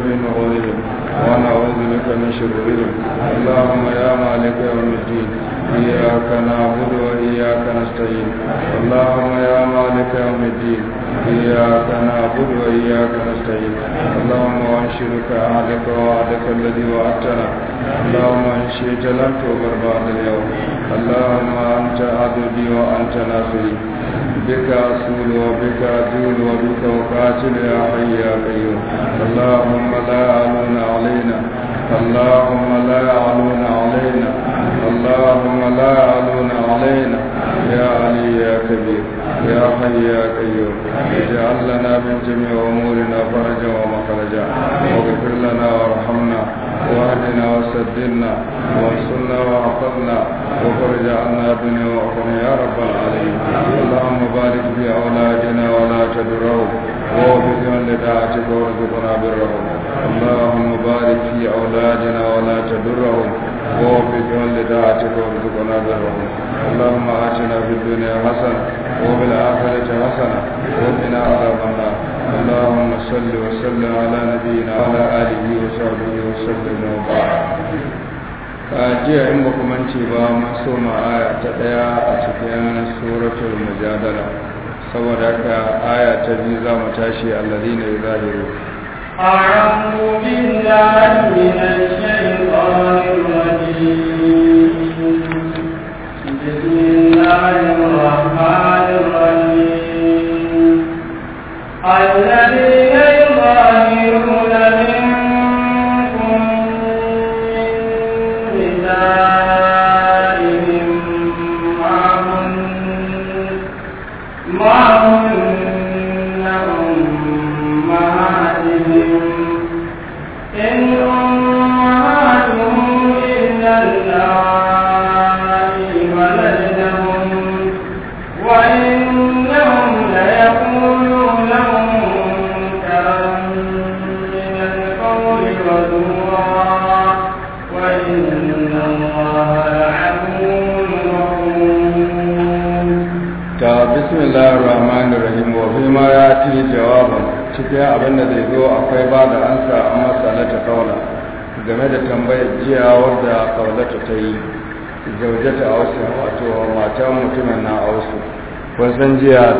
من نورهم ونعوذ بك من شرورهم اللهم يا مالك يوم الدين إياك نعبد وإياك نستعين اللهم يا مالك يوم الدين إياك نعبد وإياك نستعين اللهم وانشرك أهلك وعدك الذي وعدتنا اللهم إن شئت لم تغفر بعد اليوم اللهم أنت عبدي وأنت ناصري بك أسول وبك أجول وبك أقاتل يا حي يا قيوم اللهم لا علون علينا اللهم لا علون علينا اللهم لا علون علينا يا علي يا كبير يا حي يا قيوم اجعل لنا من جميع أمورنا فرجا ومخرجا واغفر لنا وارحمنا واهدنا وسددنا وانصرنا واعطنا وفرج عنا الدنيا واخرى يا رب العالمين اللهم بارك في اولادنا ولا تدرهم ووفقهم لطاعتك وارزقنا برهم اللهم بارك في اولادنا ولا تدرهم ووفقهم لطاعتك وارزقنا برهم اللهم اتنا في الدنيا حسنه وفي الاخره حسنه وقنا عذاب النار اللهم صل وسلم على نبينا وعلى اله وصحبه وسلم وبارك jiya in baku mance ba masu so ma aya ta ɗaya a cikin suratul mujadala saboda haka aya ta biyu za mu tashi alladina yuzahiru a'udhu billahi minash shaitanir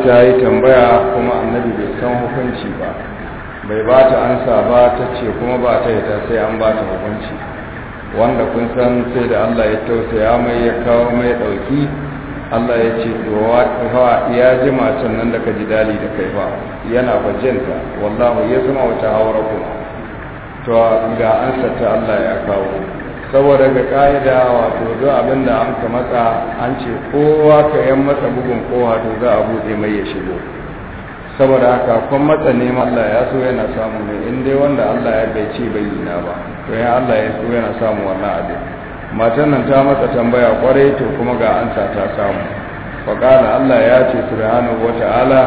ta yi tambaya kuma annabi bai san hukunci ba bai ba ta ansa ba ta ce kuma ba ta ta sai an ba ta hukunci wanda kun san sai da Allah ya tausaya mai ya kawo mai ɗauki Allah ya ce wa ya ji macen nan da ka ji dali da kai ba yana bajinta wallahu ya zama wata haura kuma to ga ansa ta Allah ya kawo saboda ga ka'ida wato duk abin da an ka matsa an ce kowa ka yan masa bugun kowa to za a buɗe mai ya shigo saboda haka kun matsa ne Allah ya so yana samu ne in dai wanda Allah ya bai ce bai na ba to ya Allah ya so yana samu wannan abin matan nan ta matsa tambaya kwarai to kuma ga ansa ta samu faqala Allah ya ce subhanahu wata'ala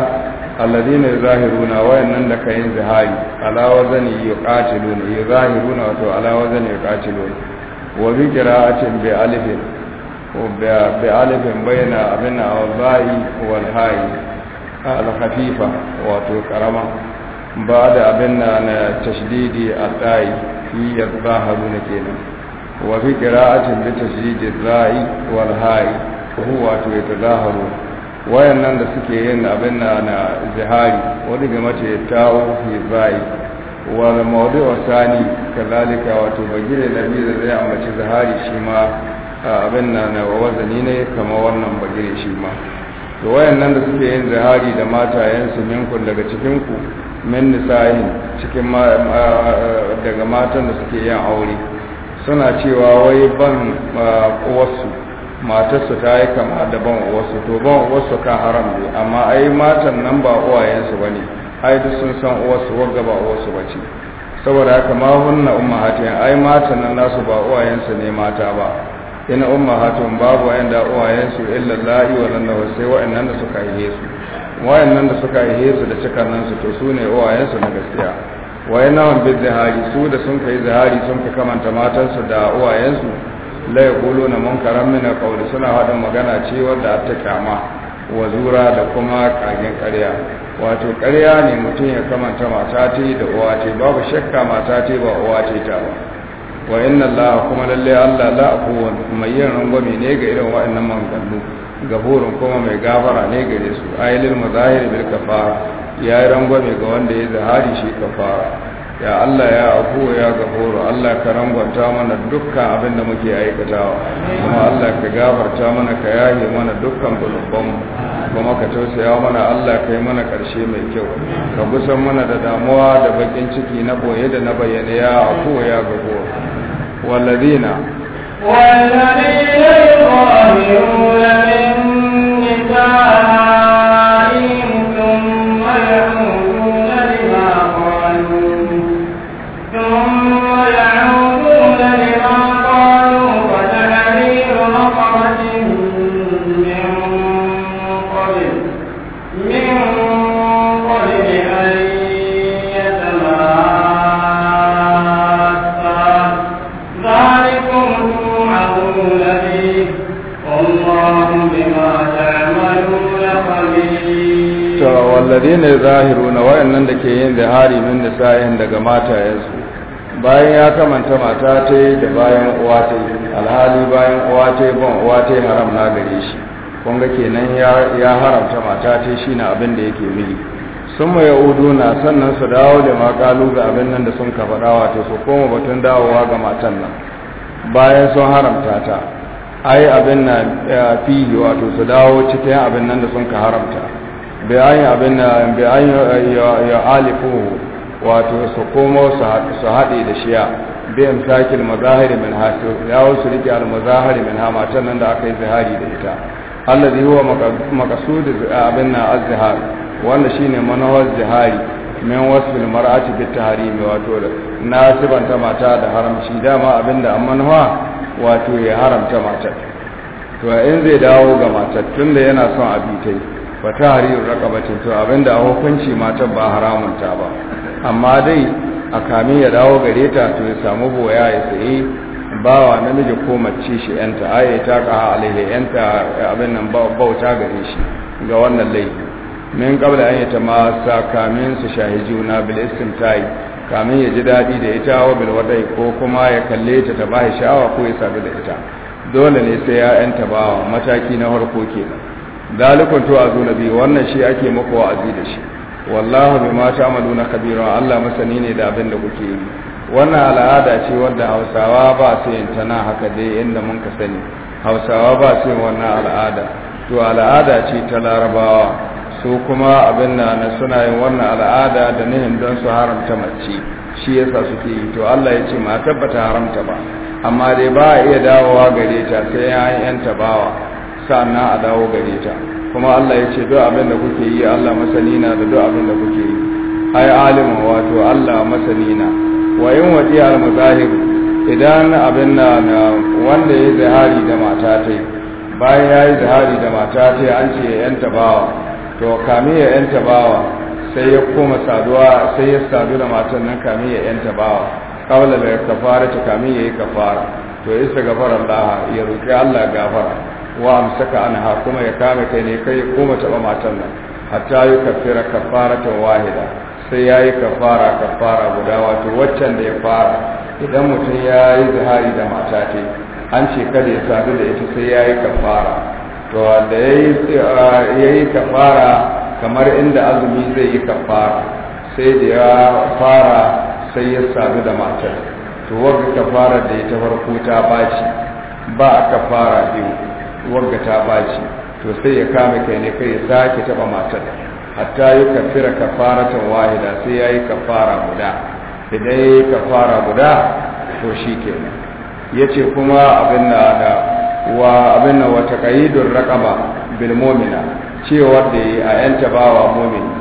alladhina yuzahiruna wayannan da kayin zihari ala wazani yuqatiluna yuzahiruna to ala wazani yuqatiluna wa bi qira'atin bi alifin be alifin bayna abin al-ba'i wal hayi al-khafifa wato karama ba da abin na tashdidi al-da'i fi yadhaharu kenan wa bi qira'atin bi tashdidi al-ra'i wal hayi huwa to yadhaharu wayannan da suke yin abin na zihari wani ga mace tawo fi za'i. wala mawdu wasani kazalika wato bagire nabi da zai ambaci zahari shi ma abin na na wazani ne kamar wannan bagire shi ma to wayannan da suke yin zahari da matayensu minkun daga cikin ku min nisahin cikin daga matan da suke yin aure suna cewa wai ban wasu matarsu ta yi kama da ban wasu to ban wasu kan haram ne amma ai matan nan ba uwayensu ba ne ai duk sun san uwarsu warga ba uwarsu ba ce saboda haka ma umma ummahatihin ai mata nan nasu ba uwayensu ne mata ba in ummahatun babu da uwayensu illa la'i wa lanna wa sai wayannan da suka yi su nan da suka yi su da cikar nan su to su ne uwayensu na gaskiya wayannan bi zahari su da sun kai zahari sun ka kamanta matansu da uwayensu la na munkaran min qawli suna hadin magana ce wanda ta wa zura da kuma kagen ƙarya wato ƙarya ne mutum ya kamanta mata ce da uwa ta babu shakka mata ta ba uwa ce ta ba wa inna Allah kuma lalle Allah la akuwa mai yin rangwame ne ga irin wa'annan mangallu gafurin kuma mai gafara ne gare su ayyul mazahir bil kafara yayi rangwame ga wanda ya zahari shi kafara ya Allah ya abu ya gafuru Allah ka rangwanta mana dukkan abin da muke aikatawa kuma Allah ka gafarta mana ka yaye mana dukkan zunubanmu kuma ka tausaya mana Allah ka yi mana karshe mai kyau ka gusan mana da damuwa da bakin ciki na boye da na bayyana ya abu ya gafuru walladina walladina يظاهرون min nisaa zahiru zahiruna wayannan da ke yin zahari min nisa'ihin daga yanzu. bayan ya kamanta mata ta da bayan uwa ta alhali bayan uwa ta ban uwa ta haram na gare shi kun ga kenan ya haramta mata ta shi na abin da yake mili sun udu na sannan su dawo da makalu ga abin nan da sun ka faɗa ta su koma batun dawowa ga matan nan bayan sun haramta ta ai abin na eh, fihi wato su dawo cikin abin nan da sun ka haramta bayan abin da bayan ya alifu wato su komo su haɗe da shiya bayan sakil mazahiri min hato ya wasu rike al-mazahiri min ha matan nan da aka yi zihari da ita allazi huwa da abin na az-zihar wanda shine manawar zihari min wasfil mar'ati bit tahrimi wato na sibanta mata da haramci dama abinda amman hawa wato ya haramta matar to in zai dawo ga matar tunda yana son abitai fa tahriru ce to abinda a hukunci matan ba haramun ta ba amma dai a kami ya dawo gare ta to ya samu boya ya sayi bawa namiji ko mace shi yanta aye ta ka alaihi yanta abin nan bauta gare shi ga wannan laifi min kabla an ta yatamassa kamin su shahi juna bil istimtai kamin ya ji daɗi da ita wa bil wadai ko kuma ya kalle ta ta shi shawa ko ya sadu da ita dole ne sai ya yanta bawa mataki na farko kenan dalikun to a zuna biyu wannan shi ake a wa'azi da shi wallahu bima na kabira Allah masani ne da abin da kuke yi wannan al'ada ce wanda Hausawa ba su yin ta na haka dai inda mun ka sani Hausawa ba su yin wannan al'ada to al'ada ce ta Larabawa su kuma abin na suna yin wannan al'ada da nihin don su haramta mace shi yasa suke yi to Allah ya ce ma tabbata haramta ba amma dai ba a iya dawowa gare ta sai an yanta bawa sa'annan a dawo gare ta kuma Allah ya ce duk abin da kuke yi Allah masani na da duk abin da kuke yi ai alim wato Allah masani na wa yin waje al-mazahir idan abin na wanda ya zahari da mata ta bayan ya yi zahari da mata ta an ce ya yanta bawa to kame ya yanta bawa sai ya koma saduwa sai ya sadu da matan nan kame ya yanta bawa kawai da kafara ta kame ya yi kafara to isa gafara Allah ya roƙi Allah gafara wa amsaka anha kuma ya kame kai ne kai kuma taba matan nan hatta yi kafira ta wahida sai ya yi kafara kafara guda wato waccan da ya fara idan mutum ya yi zahari da mata ce an ce kada ya sadu da ita sai ya yi kafara to da ya eh, yi kafara kamar inda azumi zai yi kafara sai da ya fara sai ya sadu da matar to wagga kafara da ita farko ta baci ba a kafara biyu wagga ta baci to sai ya kame kai ne kai ya sake taba matar hatta yi kafira kafaratan wahida sai ya yi kafara guda idan ya yi kafara guda to shi kenan ya ce kuma abin na da wa abin na wata ka'idun raƙaba bil momina cewar da a yanta bawa momini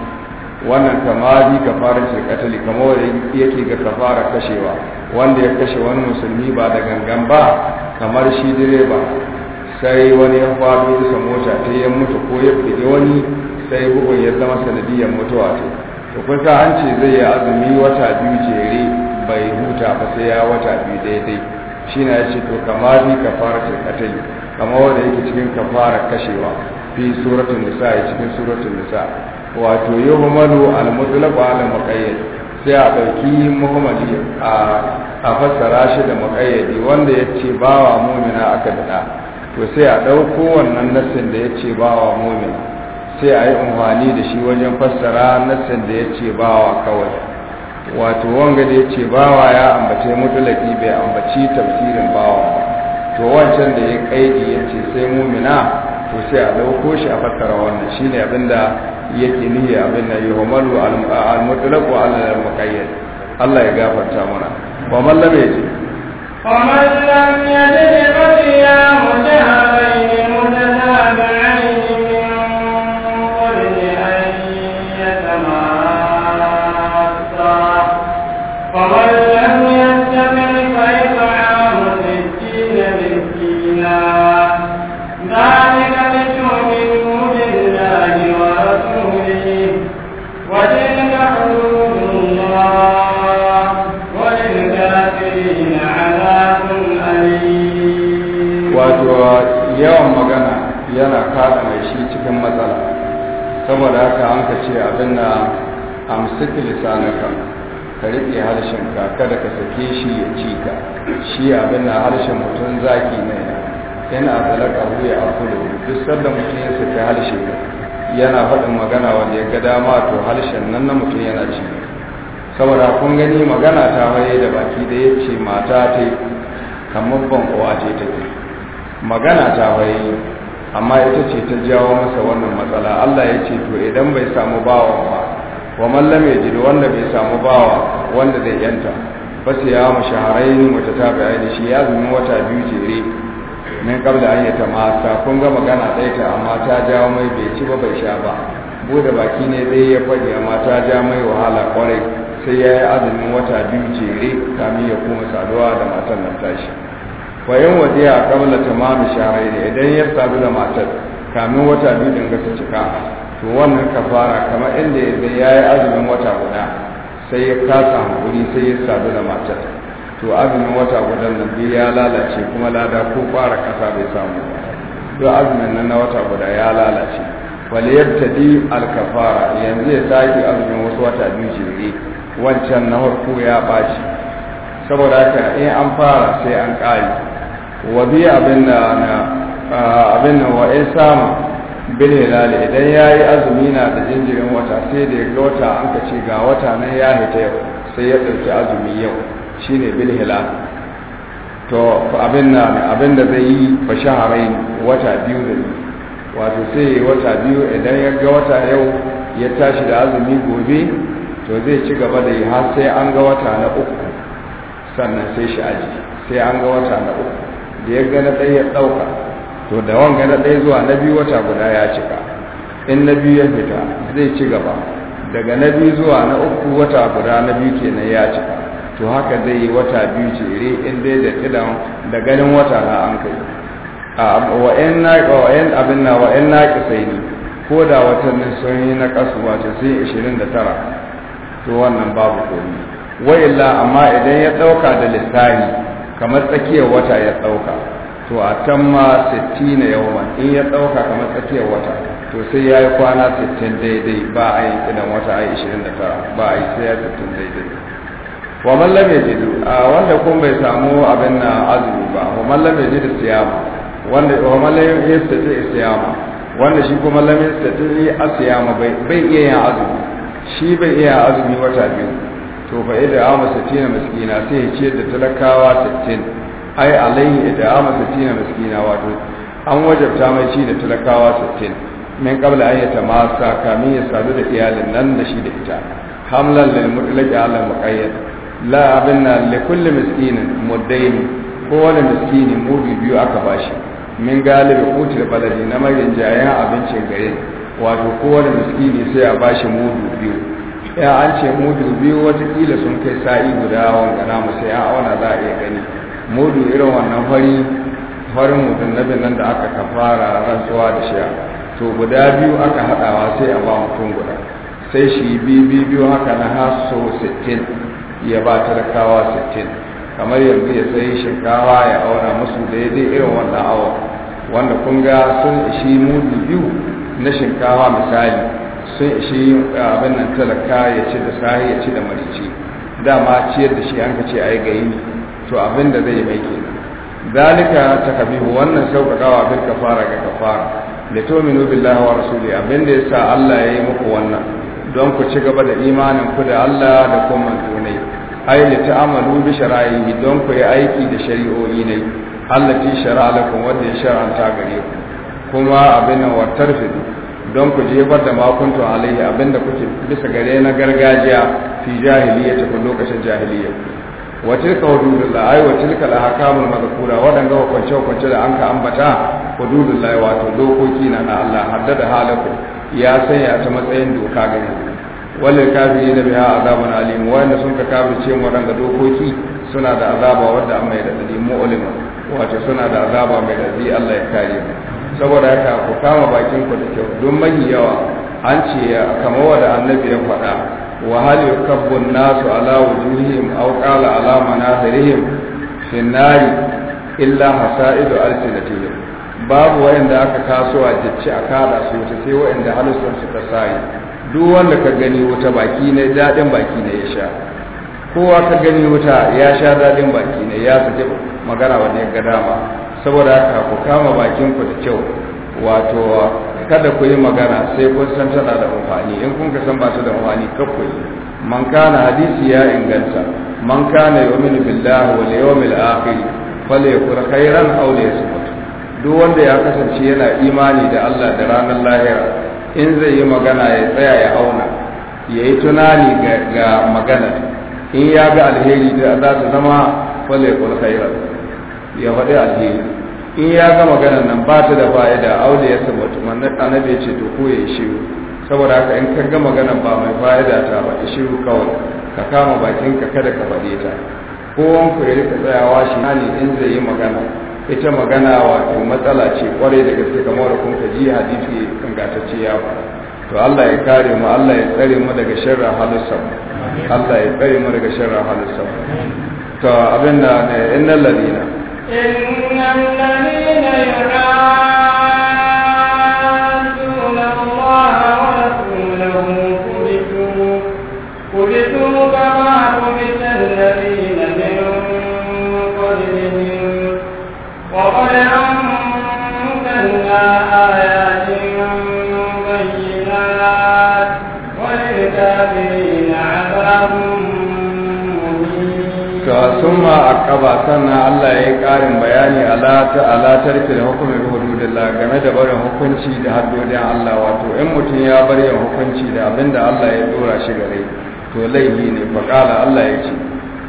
wannan kamari kafarar shirkatali kamar yake ga kafara kashewa wanda ya kashe wani musulmi ba da gangan ba kamar shi direba sai wani ya faɗo bisa mota ta yi mutu ko ya fi wani sai bugun ya zama sanadiyar mutuwa ta to kusa an ce zai yi azumi wata biyu jere bai huta ba sai ya wata biyu daidai shi na ce to kama ni ka fara tilkatali kama wanda yake cikin ka fara kashewa fi suratun nisa ya cikin suratun nisa wato yi al almutulaku ala muƙayyad sai a ɗauki muhammadu a fassara shi da muƙayyadi wanda ya ce bawa mumina aka dada to sai a ɗauko wannan nassin da ya ce bawa mumin sai a yi umarni da shi wajen fassara nassin da ya ce bawa kawai wato wanga da ya ce bawa ya ambace mutulaki bai ambaci tafsirin bawa wa to wancan da ya kaidi ya ce sai mumina to sai a ɗauko shi a fassara wannan shi ne abin da yake niyya abin da yuhmalu al-mutlaq wa al-muqayyad Allah ya gafarta mana Ba ومن لم يجد فصيام شهرين saboda haka an ka ce abin na amsiki lisanaka ka riƙe harshenka kada ka sake shi ya ci ka shi abin na harshen mutum zaki ne yana zalaka huya a kudu duk sanda mutum ya saki harshe yana faɗin magana wanda ya ga dama to harshen nan na mutum yana ci saboda kun gani magana ta waye da baki da ya ce mata ta kamar ban uwa ce take magana ta waye amma ita ce ta jawo masa wannan matsala Allah ya ce to idan bai samu bawa ba wa mallam ya ji wanda bai samu bawa wanda zai yanta ba sai ya mu shaharain mutatabi'ain shi ya zumi wata biyu jere min kabla an yata mata kun ga magana ɗaya ta amma ta jawo mai bai ci ba bai sha ba bude baki ne dai ya faɗi amma ta ja mai wahala kwarai sai ya yi azumin wata biyu jere kamin ya koma saduwa da matan nan tashi fayin waje a kabla tamamin sharai idan ya sadu da matar kamin wata biyu din ga su cika to wannan kafara kamar inda yanzu ya yi azumin wata guda sai ya kasa hankuri sai ya sadu da matar to azumin wata guda nan biyu ya lalace kuma lada ko fara kasa bai samu to azumin nan na wata guda ya lalace wal yabtadi al kafara yanzu ya sake azumin wasu wata biyu jirgi wancan na farko ya baci saboda haka in an fara sai an kare wa bi abin da abin wa isama bil hilal idan yayi azumi na da jinjirin wata sai da ga wata an ka ce ga wata nan ya hita yau sai ya dauki azumi yau shine bil hilal to abin da zai yi fa shahrain wata biyu da wato sai wata biyu idan ya ga wata yau ya tashi da azumi gobe to zai ci gaba da yi har sai an ga wata na uku sannan sai shi aji sai an ga wata na uku da ya gana ɗaya ya ɗauka to da wanga na ɗaya zuwa na biyu wata guda ya cika in na biyu ya fita zai ci gaba daga na biyu zuwa na uku wata guda na biyu kenan ya cika to haka zai yi wata biyu jere in dai da kidan da ganin wata na an kai wa 'yan abin na 'yan naƙi sai ne ko da watannin sun yi na kasu wato sun yi tara, to wannan babu komi wa'illa amma idan ya ɗauka da lissani kamar tsakiyar wata ya tsauka, to a can ma 60 na yawan in ya tsauka kamar tsakiyar wata to sai ya yi kwana 60 daidai ba a yi idan wata a yi 29 ba a yi sai ya 60 daidai wa mallam ya jidu a wanda kun bai samu abin na azumi ba wa mallam ya jidu siyama wanda wa mallam ya jidu siyama wanda shi kuma mallam ya a siyama, bai iya yin azumi shi bai iya azumi wata biyu to fa ida amu sittina miskina sai ya ciyar da talakawa sittin ai alaihi ida amu sittina miskina wato an wajabta mai ci da talakawa sittin min qabla an yatamasa kamin ya sadu da iyalin nan da shi da ita hamlan lil mutlaqi ala muqayyad la abinna li kulli mudayn ko kowane miskini mudu biyu aka bashi min galibi kutir baladi na magin jayan abincin gare wato kowane miskini sai a bashi mudu biyu ya an ce mudu biyu watakila sun kai sa'i guda wanga namu sai ya auna za a iya gani mudu irin wannan fari farin mutum na nan da aka kafara rantsuwa da shiya to guda biyu aka haɗawa sai a ba mutum guda sai shi bibi biyu haka na haso 60 ya ba talakawa 60 kamar yanzu ya sai shinkawa ya auna musu daidai irin wannan awa wanda kun ga sun ishi mudu biyu na shinkawa misali sun ishi abin nan talaka ya ce da sahi ya ci da marici dama ciyar da shi an ka ce a yi gayi to abin da zai mai ke zalika takabihu wannan sauƙaƙawa bil kafara ga kafara da minu billahi wa rasuli abin da ya sa Allah ya yi muku wannan don ku ci gaba da imanin ku da Allah da kuma manzonai ai ta amalu bi shara'i don ku yi aiki da shari'o'i ne Allah allati shara'a lakum wanda ya shar'anta gare ku kuma abin nan wa tarfidu don ku jefar da makuntu alaihi abinda kuke bisa gare na gargajiya fi jahiliya ta kun lokacin jahiliya wa tilka hududullah ai wa tilka al-ahkamul madhkura wadanga wa kwance kwance da an ka ambata hududullah wato dokoki na na Allah haddada halaku ya sanya ta matsayin doka gare wallal kafirina biya azabun alim wanda sun ka kafirce mu wadanga dokoki suna da azaba wadda amma ya da mu'lim wato suna da azaba mai dadi Allah ya kare mu saboda haka ku kama bakin ku da kyau don mai yawa an ce kamar wanda annabi ya faɗa wa hal yukabbu nasu ala wujuhihim aw qala ala manazirihim fi nari illa hasaidu alsinatihim babu wayanda aka kasuwa jicci a kada su wuta sai wanda halusun su ta sai duk wanda ka gani wuta baki ne dadin baki ne ya sha kowa ka gani wuta ya sha dadin baki ne ya saki magana wanda ya ga dama saboda haka ku kama bakin ku da kyau wato kada ku yi magana sai kun san tana da amfani in kun ka san ba ta da amfani kar ku yi man kana hadisi ya inganta man kana yu'minu billahi wal yawmil akhir falyakul khairan aw liyasmut duk wanda ya kasance yana imani da Allah da ranar lahira in zai yi magana ya tsaya ya auna ya yi tunani ga magana in ya ga alheri da za ta zama falyakul khairan ya faɗi alheri in ya ga magana nan ba ta da fa'ida aure ya saba tumannin annabi ya ce to ko ya shiru saboda haka in ka ga magana ba mai fa'ida ta ba ya shiru kawai ka kama bakinka kada ka faɗe ta kowan ku ya tsaya tsayawa shi hali in zai yi magana ita magana wato matsala ce kwarai da gaske kamar da kun ka ji hadisi ingantacce ya ba to Allah ya kare mu Allah ya tsare mu daga sharra halissa Allah ya tsare mu daga sharra halissa to abinda ne eh, innal ladina إن الذين ينادون ma akaba sannan Allah ya yi ƙarin bayani ala tarfi da hukumi bi game da barin hukunci da haddodin Allah wato in mutum ya bar yin hukunci da abinda Allah ya dora shi gare to laifi ne fa Allah ya ce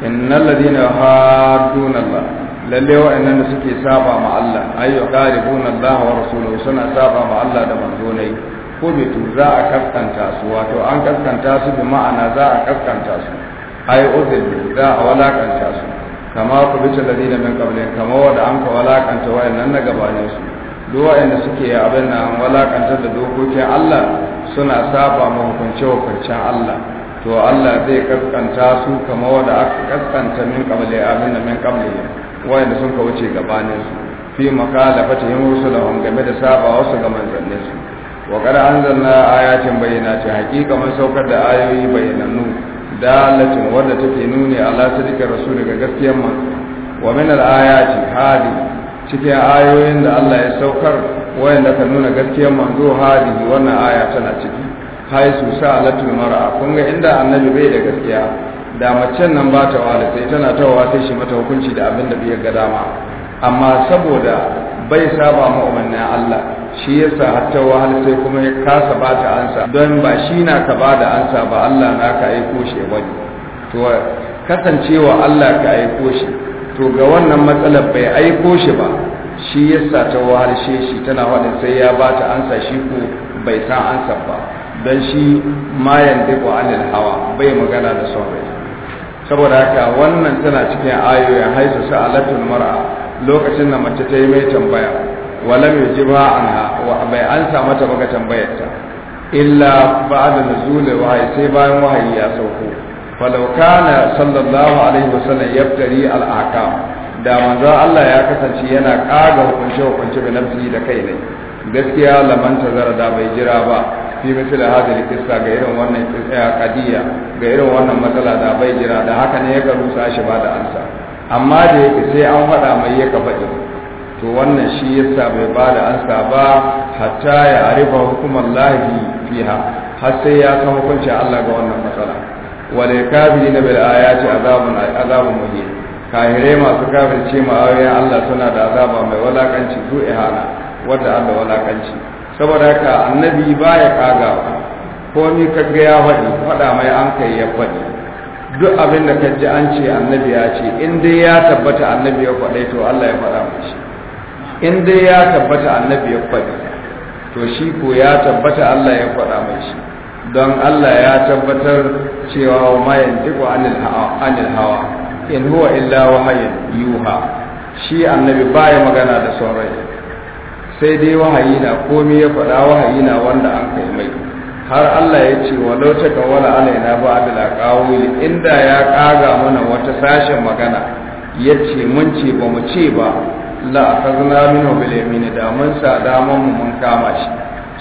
innal ladina haddun Allah lalle wa'annan da suke saba ma Allah ayyu qaribuna Allah wa rasuluhu suna saba ma Allah da manzonai ko bai to za a kaskanta su wato an kaskanta su bi ma'ana za a kaskanta su ai uzil za a walakanta su kama ku bi taladi da min kabli kama wanda an ka walakanta wayannan na gabanin su duk wayanda suke abin nan walakanta da dokokin Allah suna saba mu hukunce hukuncen Allah to Allah zai kaskanta su kama wanda aka kaskanta min kabli abin da min kabli wayanda sun ka wuce gabanin su fi makalafatihim rusulahum game da saba wasu ga manzannin su wa qad anzalna ayatin bayyinatin haqiqa man saukar da ayoyi bayyanannu dalatin wadda take nuni ala sadika rasul daga gaskiyar ma wa min al-ayati hadi cikin ayoyin da Allah ya saukar wayanda ka nuna gaskiyar manzo hadi wannan aya tana ciki su sa latin mar'a kun ga inda annabi bai da gaskiya da macen nan ba ta wala sai tana tawa sai shi mata hukunci da abin da bai ga dama amma saboda bai saba ma umarnin Allah shi yasa hatta wahal sai kuma ya kasa ba ta ansa don ba shi na ka ba da ansa ba Allah na ka aiko shi wani to kasancewa Allah ka aiko shi to ga wannan matsalar bai aiko shi ba shi yasa ta wahal shi tana wadin sai ya ba ta ansa shi ko bai san ansa ba don shi mayan diko anil hawa bai magana da son saboda haka wannan tana cikin ayoyin haisu sa'alatul mar'a lokacin da mace ta yi mai tambaya walam yujiba anha wa bai ansa mata baka tambayar ta illa ba'da nuzul wahayi sai bayan wahayi ya sauko falau kana sallallahu alaihi yaftari al'aka. da manzo Allah ya kasance yana kaga hukunce hukunce da nafsi da kai ne gaskiya laman tazara da bai jira ba fi misali hadari kissa ga irin wannan kadiya ga irin wannan matsala da bai jira da haka ne ya karu shi ba da ansa amma da yake sai an faɗa mai ya ka faɗi to wannan shi yasa bai ba da ansa ba hatta ya arifa hukumar lahi fiha har sai ya san hukuncin Allah ga wannan matsala wale kafiri na bil ayati azabun azabun muhi kahire masu ce ma ayoyin Allah suna da azaba mai walakanci zu ihana wanda Allah walakanci saboda haka annabi baya kaga, ko ni kaga ya faɗi faɗa mai an kai ya faɗi duk abin da kaji an ce annabi ya ce in dai ya tabbata annabi ya faɗe, to Allah ya faɗa mai in dai ya tabbata annabi ya faɗi to shi ko ya tabbata Allah ya faɗa mai shi don Allah ya tabbatar cewa wa ma yantiqu anil hawa in huwa illa wahayin yuha shi annabi baya magana da sauran sai dai wahayi na komai ya faɗa wahayi na wanda an kai mai har Allah ya ce wa lauta ta kawala alaina ba adala qawli inda ya kaga mana wata sashen magana yace mun ce ba mu ce ba la akhazna minhu bil yamin da mun sa daman mu mun kama shi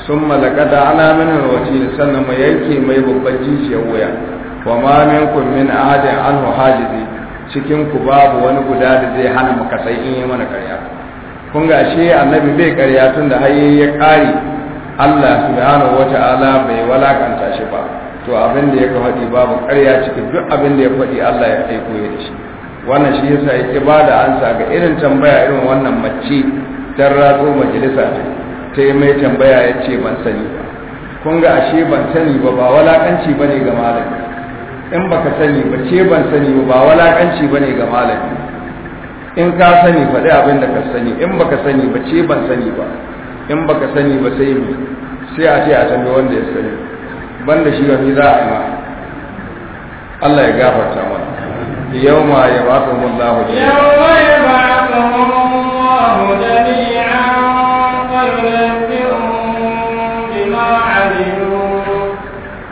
sun da ana minin wakil sannan mai yanke mai babban jijiyar wuya wa ma minkum min ahadin anhu hajizi cikin ku babu wani guda da zai hana mu kasai in yi mana karya kun ga shi annabi bai karya tun da haye ya kare Allah subhanahu wata'ala bai walakanta shi ba to abin da ya faɗi babu karya cikin duk abin da ya faɗi Allah ya aiko ya da shi wannan shi yasa yake ba da ansa ga irin tambaya irin wannan mace ta ratso majalisa ta yi mai tambaya ya ce ban sani ba kun ga ashe ban sani ba ba walakanci ba ne ga malami in ba ka sani ba ce ban sani ba ba walakanci ba ne ga malami in ka sani faɗi abin da ka sani in ba ka sani ba ce ban sani ba in ba ka sani ba sai mu sai a ce a tambayi wanda ya sani banda shi wani za a yi ma Allah ya gafarta ma يوم يبعثهم الله يوم يبعثهم الله جميعا وينبئهم بما عملوا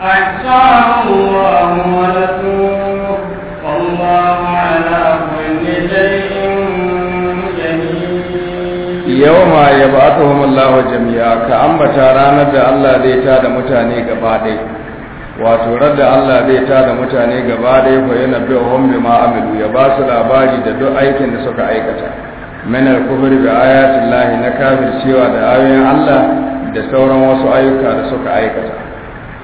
أحصاه الله ونسوه والله على كل شيء يوم يبعثهم الله جميعا كأنبت رانا الله ذي تاد متاني قبادي wato radda Allah zai ta da mutane gaba da ya koyi na bi ohun bi ma'amilu ya ba su labari da duk aikin da suka aikata min al bi ayatin lahi na kafir cewa da ayoyin Allah da sauran wasu ayyuka da suka aikata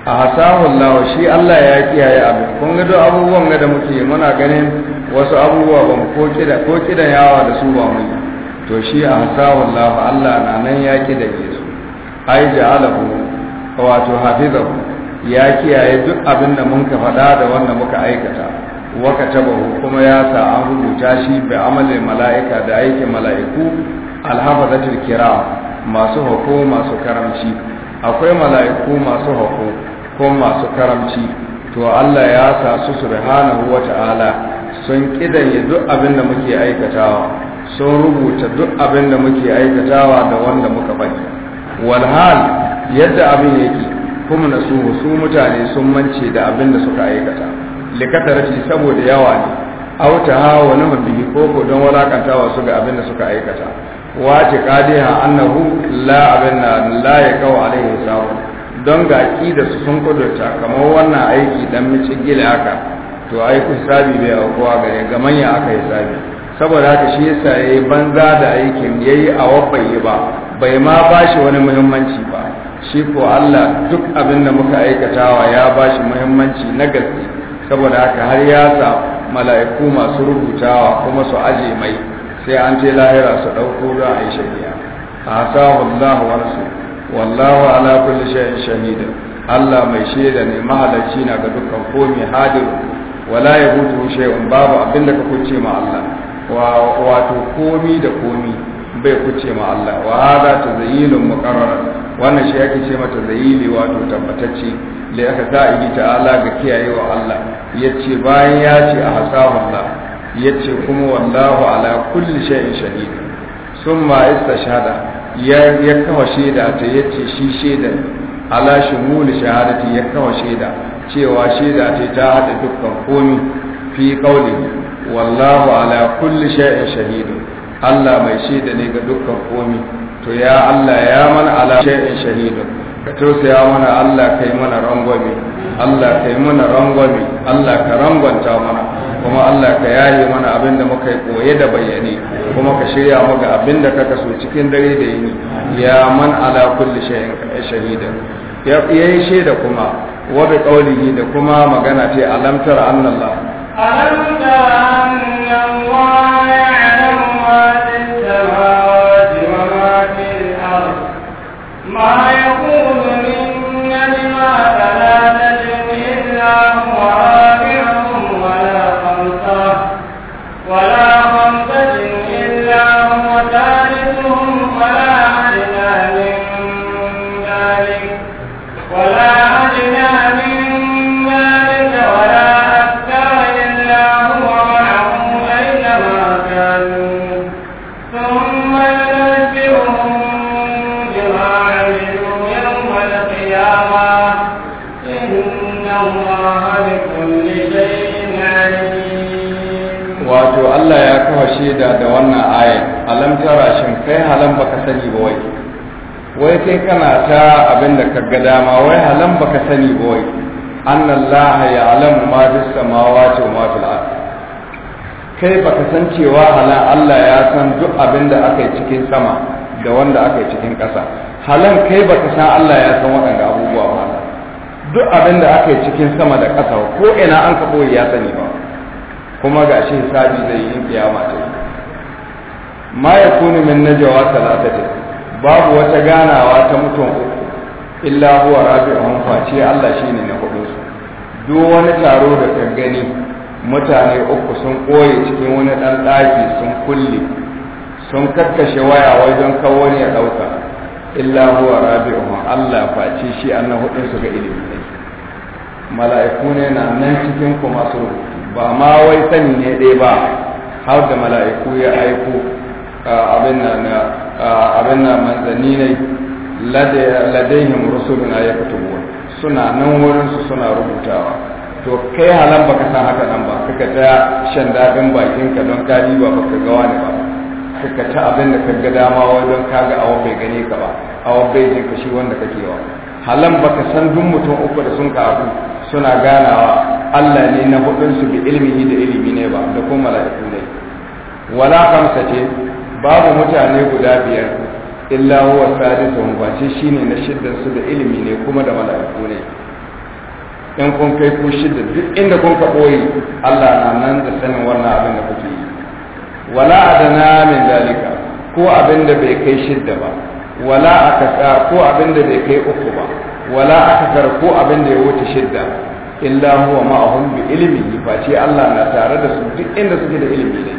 a hasahu Allah shi Allah ya kiyaye abu: kun ga duk abubuwan da muke muna ganin wasu abubuwa ba mu ko da koki da yawa da su ba mu to shi a hasahu Allah Allah na nan ya da su ai ja'alahu wato hafizahu ya kiyaye duk abin da mun ka faɗa da wanda muka aikata waka taba kuma ya sa an rubuta shi bi amalin mala'ika da aikin mala'iku alhafazatul kiram masu hako masu karamci akwai mala'iku masu hako ko masu karamci to Allah ya sa su subhanahu wata'ala sun kidanye duk abin da muke aikatawa sun rubuta duk abin da muke aikatawa da wanda muka bari walhal yadda abin yake kuma na su su mutane sun mance da abin da suka aikata likatarci saboda yawa ne auta hawa na mabihi koko don walakantawa su ga abin da suka aikata wace kadiha annahu la abin na la ya kawo alaihi sawu don ga da su sun kudurta kamar wannan aiki dan mici gila haka to ai ku hisabi bai aukuwa gare ga manya aka hisabi saboda haka shi yasa yayi banza da aikin yayi a wabbai ba bai ma bashi wani muhimmanci ba shi ko Allah duk abin da muka aikatawa ya ba shi muhimmanci na gaske saboda haka har ya sa mala'iku masu rubutawa kuma su aje mai sai an ce lahira su ɗauko za a yi shari'a a hasahu wallahu wasu wallahu ala kulli shay'in shahida Allah mai shaida ne mahalarci na ga dukkan komai hadir wala yahutu shay'un babu abin da ka kuce ma Allah wato komi da komi bai kuce ma Allah wa hada tazayyinun muqarrar wannan shi yake ce mata zayili wato tabbatacce da aka sa'i ta'ala ga kiyayewa Allah yace bayan ya ce a hasahu Allah yace kuma wallahu ala kulli shay'in shahid summa istashhada ya ya kawo shaida ta yace shi shaida ala shumul shahadati ya kawo shaida cewa shaida ce ta hada dukkan komi fi qawli wallahu ala kulli shay'in shahidu. Allah mai shaida ne ga dukkan komi to ya Allah ya mana ala shay'in shahidun ka tausaya mana Allah kai mana rangwame Allah kai mana rangwame Allah ka rangwanta mana kuma Allah ka yaye mana abin da muka koye da bayyane kuma ka shirya maka abin da ka kaso cikin dare da yini ya man ala kulli shay'in shahida. ya shi shaida kuma wa bi qawlihi da kuma magana ce alam tara annallah alam tara annallaha ta abin da ka gada ma wai halan baka sani ba wai ya'lamu ma fi samawati wa ma fil ard kai baka san cewa halan Allah ya san duk abin da aka yi cikin sama da wanda aka yi cikin ƙasa halan kai baka san Allah ya san waɗanda abubuwa ba duk abin da aka yi cikin sama da ƙasa ko ina an ka boye ya sani ba kuma ga shi hisabi zai yi kiyama ce ma yakunu min najwa salatatin babu wata ganawa ta mutum uku illa huwa rabi'un face Allah shi ne na hudu su duk wani taro da ka gani mutane uku sun koye cikin wani dan daki sun kulle sun karkashe waya wajen kawo ne ya dauka illa huwa rabi'un Allah face shi annan hudun su ga ilimi ne mala'iku ne na nan cikin ku masu ba ma wai sani ne dai ba har da mala'iku ya aiko abin nan abin da manzanni ne ladaihim rusuluna ya kutubu suna nan wurin su suna rubutawa to kai halan baka san haka nan ba kaka ta shan dadin bakin ka don ka ba baka ga wani ba kaka ta abin da ka ga dama wai don ka ga bai gane ka ba awa bai jin ka shi wanda kake wa halan baka san duk mutum uku da sun kafu suna ganawa Allah ne na hudun su bi ilmihi da ilimi ne ba da kuma mala'iku ne wala kamsa ce babu mutane guda biyar illa huwa sadisuhum wace shine na shiddan su da ilimi ne kuma da mala'iku ne in kun kai ku shidda duk inda kun ka boye Allah na nan da sanin wannan abin da kuke yi wala adana min zalika ko abin da bai kai shidda ba wala akasa ko abin da bai kai uku ba wala akasar ko abin da ya wuce shidda illa huwa ma'ahum bi ilmihi face Allah na tare da su duk inda suke da ilimi ne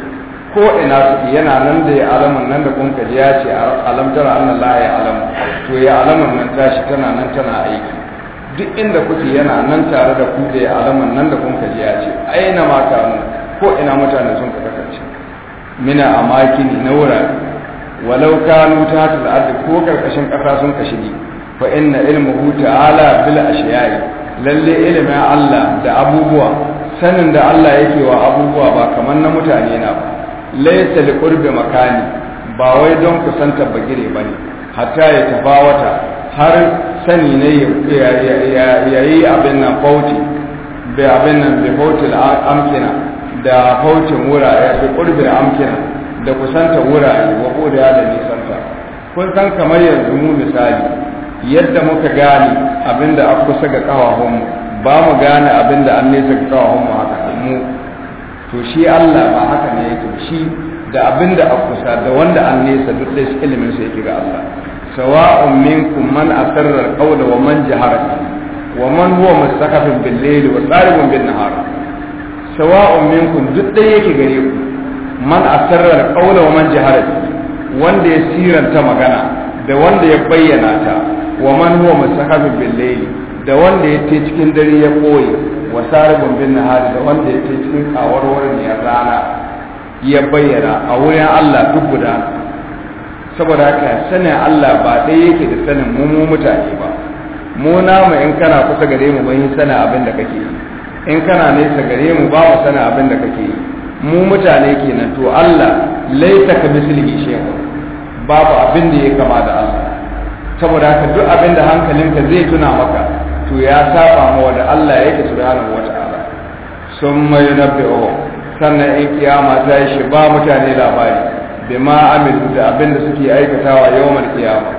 ko ina suke yana nan da ya alamun nan da kun kaji ya ce alam tara annan la ya alamu to ya alamun nan tashi tana nan tana aiki duk inda kuke yana nan tare da ku da ya alamun nan da kun kaji ya ce aina ma mu ko ina mutane sun ka kasance mina amakini na wurare walau nuta ta ta ko karkashin kasa sun ka shige fa inna ilmuhu ta'ala bil ashiyai lalle ilimin Allah da abubuwa sanin da Allah yake wa abubuwa ba kamar na mutane na ba laysa li qurbi makani ba wai don kusanta bagire bane hatta ya wata. har sani ne ya yi abin nan fauti bai abin nan bai fauti amkina da fautin wurare bai ƙurbin amkina da kusanta wurare wa ya da nisanta kun san kamar yanzu mu misali yadda muka gane abin da kusa ga ƙawahunmu ba mu gane abin da an nesa ga ƙawahunmu haka mu to shi Allah ba haka ne yake shi da abin da a kusa da wanda an nesa duk da ilimin sa yake ga Allah sawa'un minkum man asarra qawla wa man jahara wa man huwa mustaqafin bil layli wa saribun bin nahar sawa'un minkum duk da yake gare ku man asarra qawla wa man jahara wanda ya siranta magana da wanda ya bayyana ta wa man huwa mustaqafin bil layli da wanda ya ce cikin dare ya koyi wa saribun bin nahari da wanda ya ce cikin wurin ya rana ya bayyana a wurin Allah duk guda saboda haka sanin Allah ba ɗaya yake da sanin mu mu mutane ba mu namu in kana kusa gare mu ban yi sanin abin da kake yi in kana nesa gare mu ba mu sanin abin da kake yi mu mutane kenan to Allah laita ka mislihi shay'un babu abin da ya kama da Allah saboda haka duk abin da hankalinka zai tuna maka to ya saba ma wanda Allah ya yi subhanahu wata'ala sun mai biyo. sannan in kiyama ta yi shi ba mutane labari ma amilu da abin da suke aikatawa yawon kiyama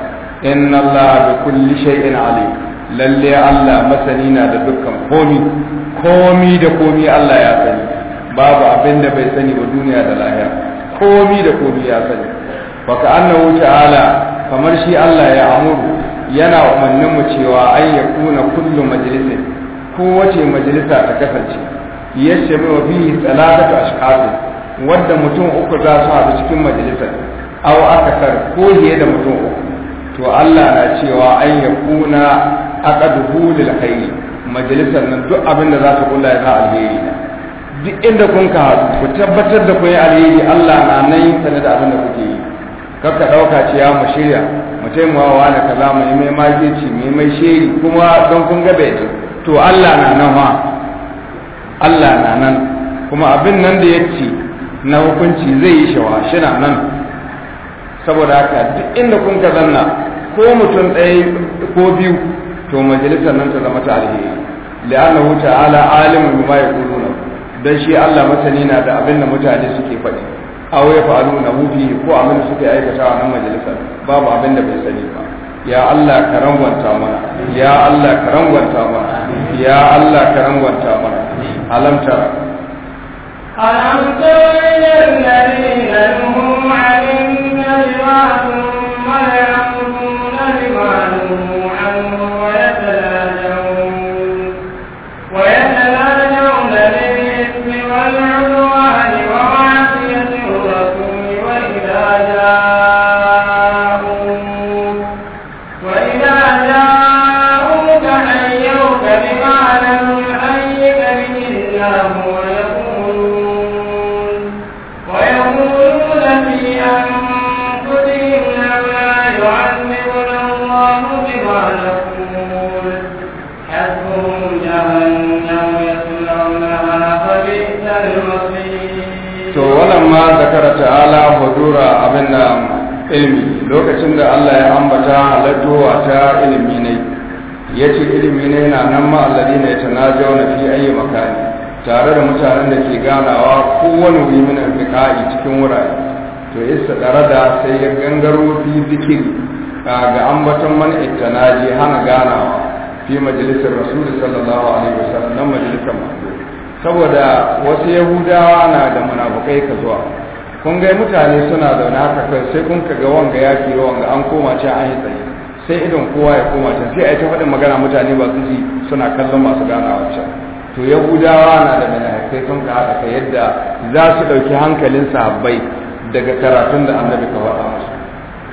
inna Allah bi kulli shay'in alim lalle Allah masani na da dukkan komi komi da komi Allah ya sani babu abin da bai sani ba duniya da lahira komi da komi ya sani Baka annahu ta'ala kamar shi Allah ya amuru yana umarnin mu cewa an ya kuna kullum majalisin wace majalisa ta kasance yace mai wafi ta ashqasu wadda mutum uku za su haɗu cikin majalisar aw kar ko hiye da mutum uku to Allah na cewa an ya kuna aqaduhu lil khairi majalisar nan duk abin da za ta kula ya alheri na duk inda kun ka haɗu ku tabbatar da ku yi alheri Allah na nan sanar da abin da kuke yi kakka ɗauka ce ya mu shirya mu taimawa wa na kaza mu yi mai makirci mu mai shiri kuma don kun ga bai to Allah na nan ma Allah na nan kuma abin nan da ya ci na hukunci zai yi shawa shi na nan saboda haka duk inda kun ka zanna ko mutum ɗaya ko biyu to majalisar nan ta zama ta alheri la'annahu ta'ala alimu bima yaquluna dan shi Allah masani na da abin da mutane suke faɗi aw ya fa'alu na hufi ko abin da suka aikata a nan majalisar babu abin da bai sani ba ya Allah ka rangwanta mana ya Allah ka rangwanta mana ya Allah ka rangwanta mana alam tara alam tara lil ladina hum 'ala an-najwa thumma ilimi lokacin da Allah ya ambata a ta ilimi ne ya ce ilimi ne na nan ma'allari ne ta na na fi ayi makani tare da mutanen da ke ganawa kowane wuri min cikin wurare to isa tsara da sai ya gangaro fi zikiri ga ambatan man ittanaji hana ganawa fi majalisar rasul sallallahu alaihi wasallam majalisar saboda wasu yahudawa na da munafukai ka zuwa kun ga mutane suna zaune haka kai sai kun ga wanga ya fi wanga an koma ce an yi tsaye sai idan kowa ya koma ce, sai a yi ta faɗin magana mutane ba su ji suna kallon masu a wancan. to yahudawa na da munafikai sun ka haɗa ka yadda za su ɗauki hankalin sahabbai daga karatun da annabi ka faɗa musu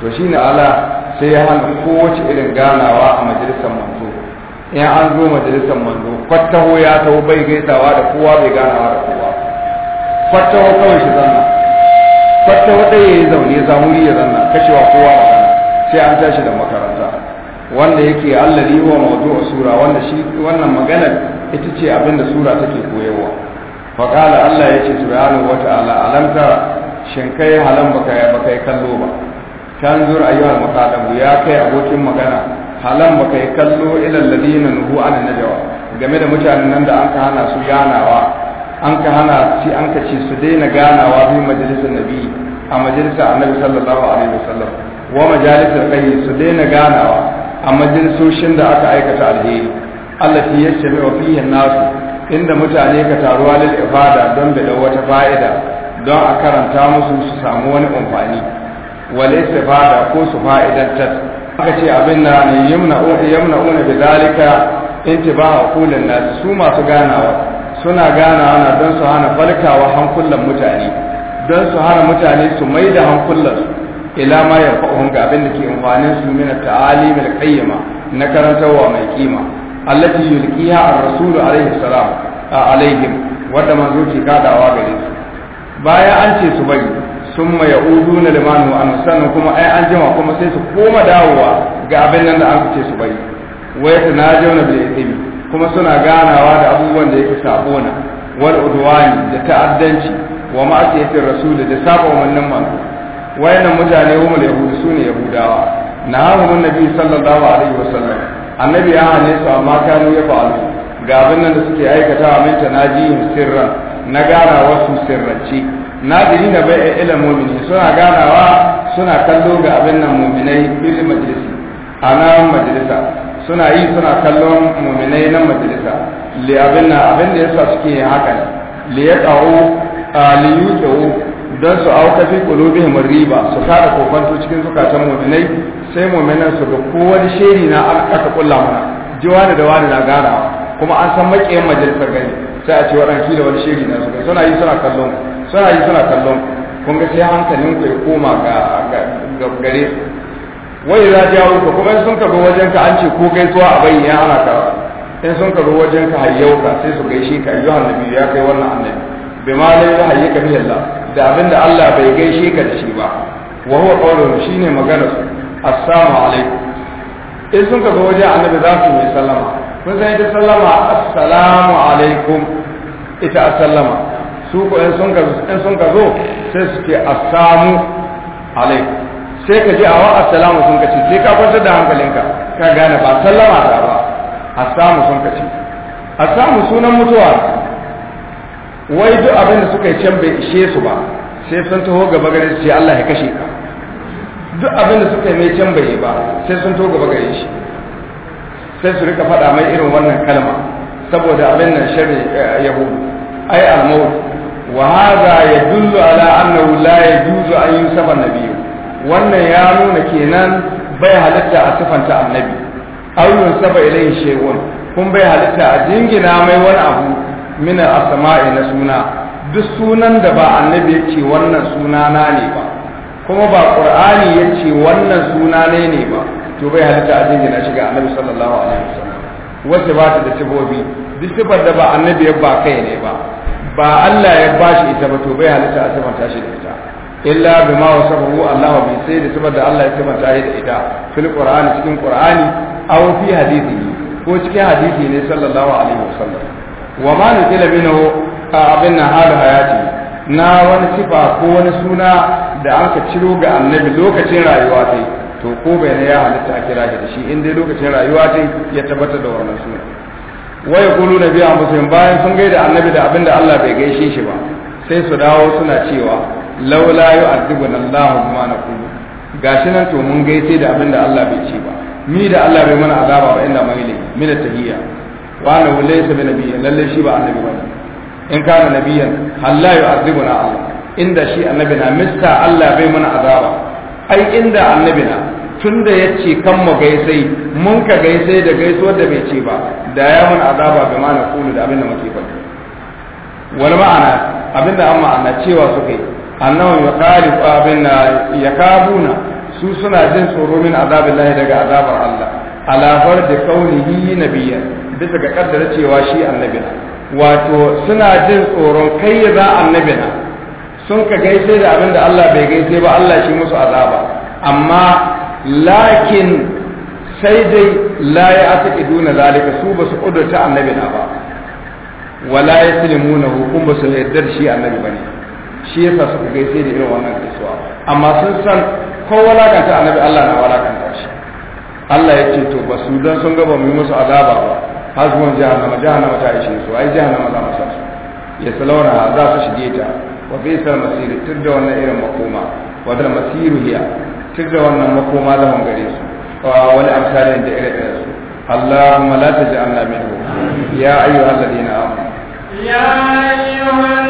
to shi ne ala sai ya hana kowace irin ganawa a majalisar manzo in an zo majalisar manzo kwattaho ya taho bai gaisawa da kowa bai ganawa da kowa kwattaho kawai shi zanna fatta wata ya yi zaune mu iya zanna kashewa kowa magana sai an tashi da makaranta wanda yake allari wa mawdu'u sura wanda shi wannan magana ita ce abinda sura take koyarwa faqala Allah yace subhanahu wata'ala alam tara shin kai halan baka ya baka kallo ba tanzur ayyuhal muqaddam ya kai abokin magana halan baka kallo ilal ladina nuhu na najwa game da mutanen nan da aka hana su ganawa an ka hana shi an ka ce su daina ganawa bi majalisar nabi a majalisar annabi sallallahu alaihi wasallam wa majalisar kai su daina ganawa a majalisoshin da aka aikata alheri Allah fi yace mai wa fiyin nasu inda mutane ka taruwa lil ibada don da wata fa'ida don a karanta musu su samu wani amfani wale su fada ko su fa'idantar aka ce abin na ne yamna yamna una bi zalika intibaha qulun nas su masu ganawa suna gana ana don su hana farkawa hankulan mutane don su hana mutane su mai da su, ila ma ya fa'un ga abin da ke amfanin su mina ta'ali mil qayyima na karantarwa mai kima allati yulqiha ar-rasul alayhi salam alayhim wanda manzo ke kadawa gare su bayan an ce su bari sun ma udu na limanu an kuma ai an jima kuma sai su koma dawowa ga abin nan da an ce su bari wa yatanajawna bil ithmi kuma suna ganawa da abubuwan da yake sabona wal udwani da ta'addanci wa ma'asiyati rasuli da saba wannan manzo wayannan mutane hum yahudu sune yahudawa mun nabi sallallahu alaihi wasallam annabi ya hane su amma kanu ya fa'alu ga abin da suke aikatawa ji yin sirra na ganawa su sirrace nadiri na bai ilal mu'mini suna ganawa suna kallo ga abin nan mu'minai bil a ana majalisa suna yi suna kallon muminai na majalisa li abin na abin da yasa suke yin haka li ya qawu li yuqu dan su auka fi qulubihim riba su kada kofanto cikin zukatan muminai sai muminan su ga kowani shiri na aka kulla mana jiwani da wani na gara kuma an san makiyan majalisa gani sai a ce waɗanki da wani shiri na suka suna yi suna kallon suna yi suna kallon kun ga sai hankalin ku ya koma ga gare wai za ta yawo ka kuma sun ka zo wajen ka an ce ko zuwa a bayyana ana ka in sun ka zo wajen ka hayyau ka sai su gaishe ka ayyuhan annabi ya kai wannan annabi bi ma la yahyi hayyaka bi Allah da abinda Allah bai gaishe ka da shi ba wa huwa qawluhu shine magana su assalamu alaikum in sun ka zo wajen annabi za su yi sallama mun san ita sallama assalamu alaikum ita assalama su ko in sun ka zo sai su ce assalamu alaikum sai ka ji awa assalamu sun kaci sai ka kwantar da hankalinka ka gane ba sallama ta ba assalamu sun kaci assalamu sunan mutuwa wai duk abin da suka yi can bai ishe su ba sai sun taho gaba gare su ce Allah ya kashe ka duk abin da suka yi mai can bai ba sai sun taho gaba gare shi sai su rika faɗa mai irin wannan kalma saboda abin nan shari eh, yahudu ai al-maut wa hadha yadullu ala annahu la yajuzu an yusaba nabiyyu wannan ya nuna kenan bai halitta a sifanta annabi ayyun saba ilayhi shay'un kun bai halitta a jingina mai wani abu min asma'i na suna duk sunan da ba annabi yake wannan suna na ne ba kuma ba qur'ani ce wannan suna ne ne ba to bai halitta a jingina shi ga annabi sallallahu alaihi wasallam Wasu ba ta da tabobi, duk sifar da ba annabi ya ba kai ne ba ba Allah ya bashi ita ba to bai halitta a sifanta shi da ita illa bima wasabahu Allah bi sai da saboda Allah ya kuma tare da ita fil qur'an cikin qur'ani aw fi hadisi ko cikin hadisi ne sallallahu alaihi wasallam wa ma kila minhu abin na halu hayati na wani sifa ko wani suna da aka ciro ga annabi lokacin rayuwa sai to ko bai ne ya halitta a kira da shi in dai lokacin rayuwa sai ya tabbatar da wannan suna wa yaqulu nabiyyu muslim bayan sun gaida annabi da abinda Allah bai gaishe shi ba sai su dawo suna cewa laula yu'adhibuna Allahu bima naqulu gashi nan to mun gaishe da abinda Allah bai ce ba ni da Allah bai mana azaba ba inda mai ne mi tahiyya wa la laysa bi nabiyyi lalle shi ba annabi ba in kana nabiyyan Allah yu'adhibuna Allah inda shi annabi na mista Allah bai mana azaba ai inda annabi na tunda yace kan mu gaisai mun ka gaisai da gaisuwar da bai ce ba da ya mana azaba bi mana kulu da abinda muke faɗi Wani ma'ana abinda amma ana cewa suka yi annahu yaqalib ah, abin yakabuna su suna jin tsoro min azabillahi daga azabar Allah ala farji kaunihi nabiyya bisa ga kaddara cewa shi annabi wato suna jin tsoron kai ya za annabi na sun ka gaishe da abin da Allah bai gaishe ba Allah shi musu azaba amma lakin sai dai la ya ataki duna zalika su ba su kudurta annabi na ba wala ya silimu na hukum ba su yarda shi annabi ba ne shi yasa suka gaishe da irin wannan gaisuwa amma sun san ko walakanta annabi Allah na walakanta shi Allah ya ce to ba su dan sun gaba mu musu azaba ba hazmun jahannama jahannama ta ishe su ai jahannama za mu su ya salawana za su shige ta wa bisal masir tun da wannan irin makoma wa dal masiru hiya tun da wannan makoma da mun gare su wani amsalin da irin irin su Allahumma la taj'alna minhu ya ayyuhal ladina amanu ya ayyuhal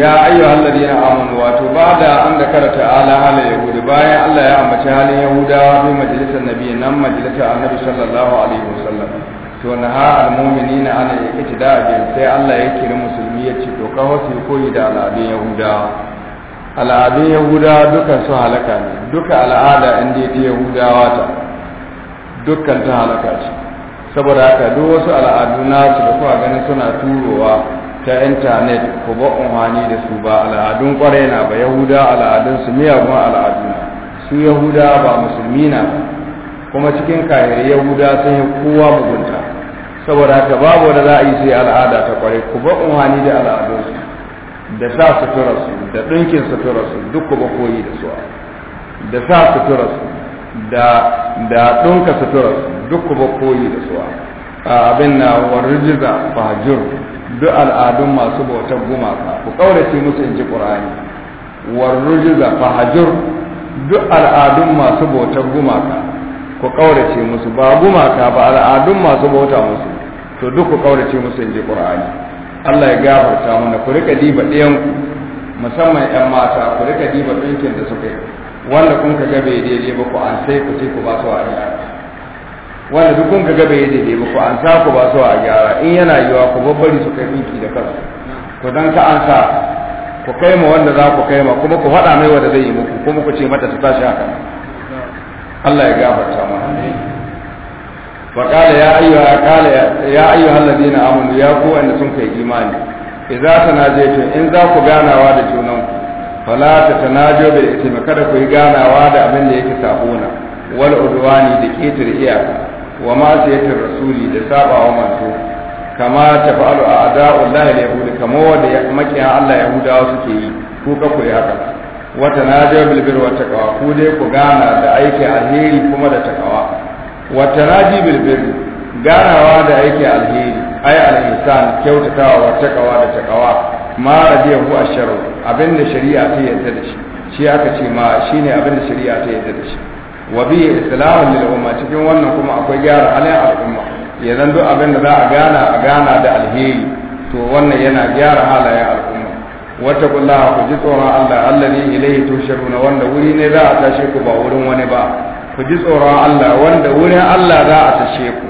ya ayyuhal ladina amanu wato ba da an da karata ala hala ya bayan Allah ya ambaci halin yahudawa bi majalisar nabi nan majalisar annabi sallallahu alaihi wasallam to na ha almu'mini na ana yake da abin sai Allah ya kira musulmi ya ce to ka wasu koyi da al'adun yahudawa al'adun yahudawa dukan su halaka ne duka al'ada in dai ta yahudawa ta dukkan ta halaka ce saboda haka duk wasu al'adu su da kuka ganin suna turowa ta intanet ko ba umarni da su ba al'adun kwarai na ba yahuda al'adun su miyagun al'adun su yahuda ba musulmi na kuma cikin kayar yahuda sun yi kowa mugunta saboda haka babu wanda za a yi sai al'ada ta kware ku ba umarni da al'adunsu da sa su da ɗinkin su duk ku ba koyi da su da sa su da da ɗinka su duk ku ba koyi da su abin na warjiza fahajur duk al'adun masu bautar gumaka ku kaurace musu in ji ƙur'ani warjiza fahajur duk al'adun masu bautar gumaka ku kaurace musu ba gumaka ba al'adun masu bauta musu to duk ku kaurace musu inji ƙur'ani Allah ya gafarta mana ku rika diba ɗayan ku musamman yan mata ku rika diba ɗinkin da suka yi wanda kun ka gabe ya daidai ba ku an sai ku ce ku ba su a gyara wanda duk kun ka gabe ya daidai ba ku an sa ku ba su a gyara in yana yiwa ku babbari su kai ɗinki da kansu to don ka an sa ku kai ma wanda za ku kai ma kuma ku faɗa mai wanda zai yi muku kuma ku ce mata ta tashi haka Allah ya gafarta mu ayyuha يا amanu ya ku an الذين kai imani idza أن in za ku ganawa da ذاك غانا واد ta tanajo bi بالإثم kada ku yi ganawa da abin da yake sabona wal udwani da ketir iyaka wa ma sayyidir rasuli da sabawa manzo kama ta fa'alu a ada'u Allah da yahudu kama wanda makiya Allah yahudawa suke yi ko ka ku haka wata na je bilbir wa takawa ku dai ku gana da aiki alheri kuma da takawa wata na ji bilbir ganawa da aiki alheri ai alhisan kyautatawa wa takawa da takawa ma radiyahu asharu abinda shari'a ta yarda da shi shi aka ce ma shine abinda shari'a ta yarda da shi wa bi islamu lil umma cikin wannan kuma akwai gyara halin al'umma ya zan duk abin da za a gana a gana da alheri to wannan yana gyara halayen al'umma wata kula ku ji tsoron Allah Allah ne allazi ilaihi tusharuna wanda wuri ne za a tashe ku ba wurin wani ba ku ji tsoron Allah wanda wurin Allah za a tashe ku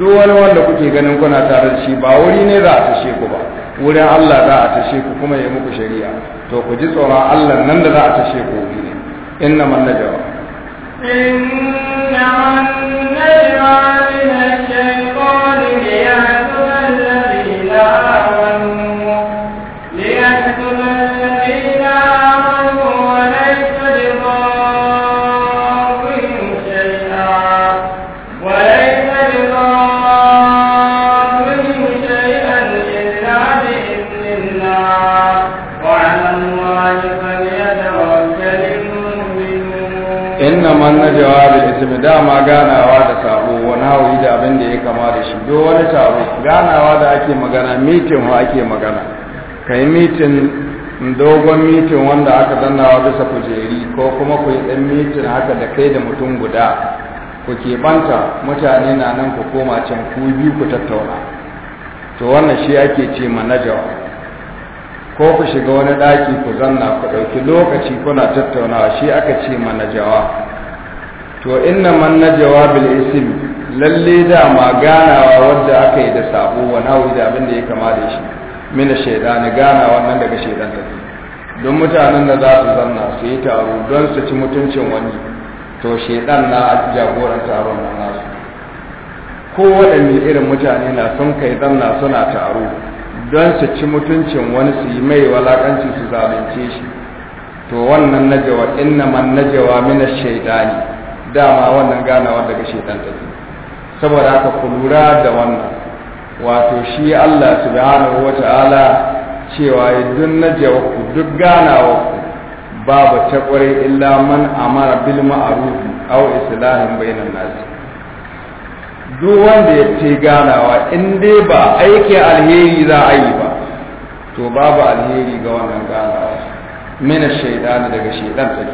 duk wani wanda kuke ganin kuna tare da shi ba wuri ne za a tashe ku ba wurin Allah za a tashe ku kuma ya muku shari'a to ku ji tsoron Allah nan da za a tashe ku wuri ne inna man najwa inna najwa do wani taro ganawa da ake magana mitin wa ake magana ka mitin dogon mitin wanda aka wa bisa kujeri ko kuma ku yi ɗan mitin haka da kai da mutum guda ku ke banta mutane na nan ku koma can ku biyu ku tattauna to wannan shi ake ce manajawa ko ku shiga wani ɗaki ku zanna ku ɗauki lokaci kuna tattaunawa shi aka ce manajawa to inna man najawa bil ismi lalle dama ganawa wanda aka yi da sabo wa nawi da abin da ya kama da shi mina ne gana wannan daga shaidan take don mutanen da za su zanna su yi taro don su ci mutuncin wani to shaidan na jagoran taron nan nasu ko waɗanne irin mutane na sun kai zanna suna taro don su ci mutuncin wani su yi mai walakanci su zalunce shi to wannan najawa inna man najawa mina shaidani dama wannan ganawar daga shaidan take saboda haka ku lura da wannan wato shi Allah subhanahu ta'ala cewa duk najawa ku duk ganawa ku babu ta illa man amara bil ma'ruf aw islahin bainan nas duk wanda ya ce ganawa in dai ba aiki alheri za a yi ba to babu alheri ga wannan ganawa mina shaidani daga shaidan take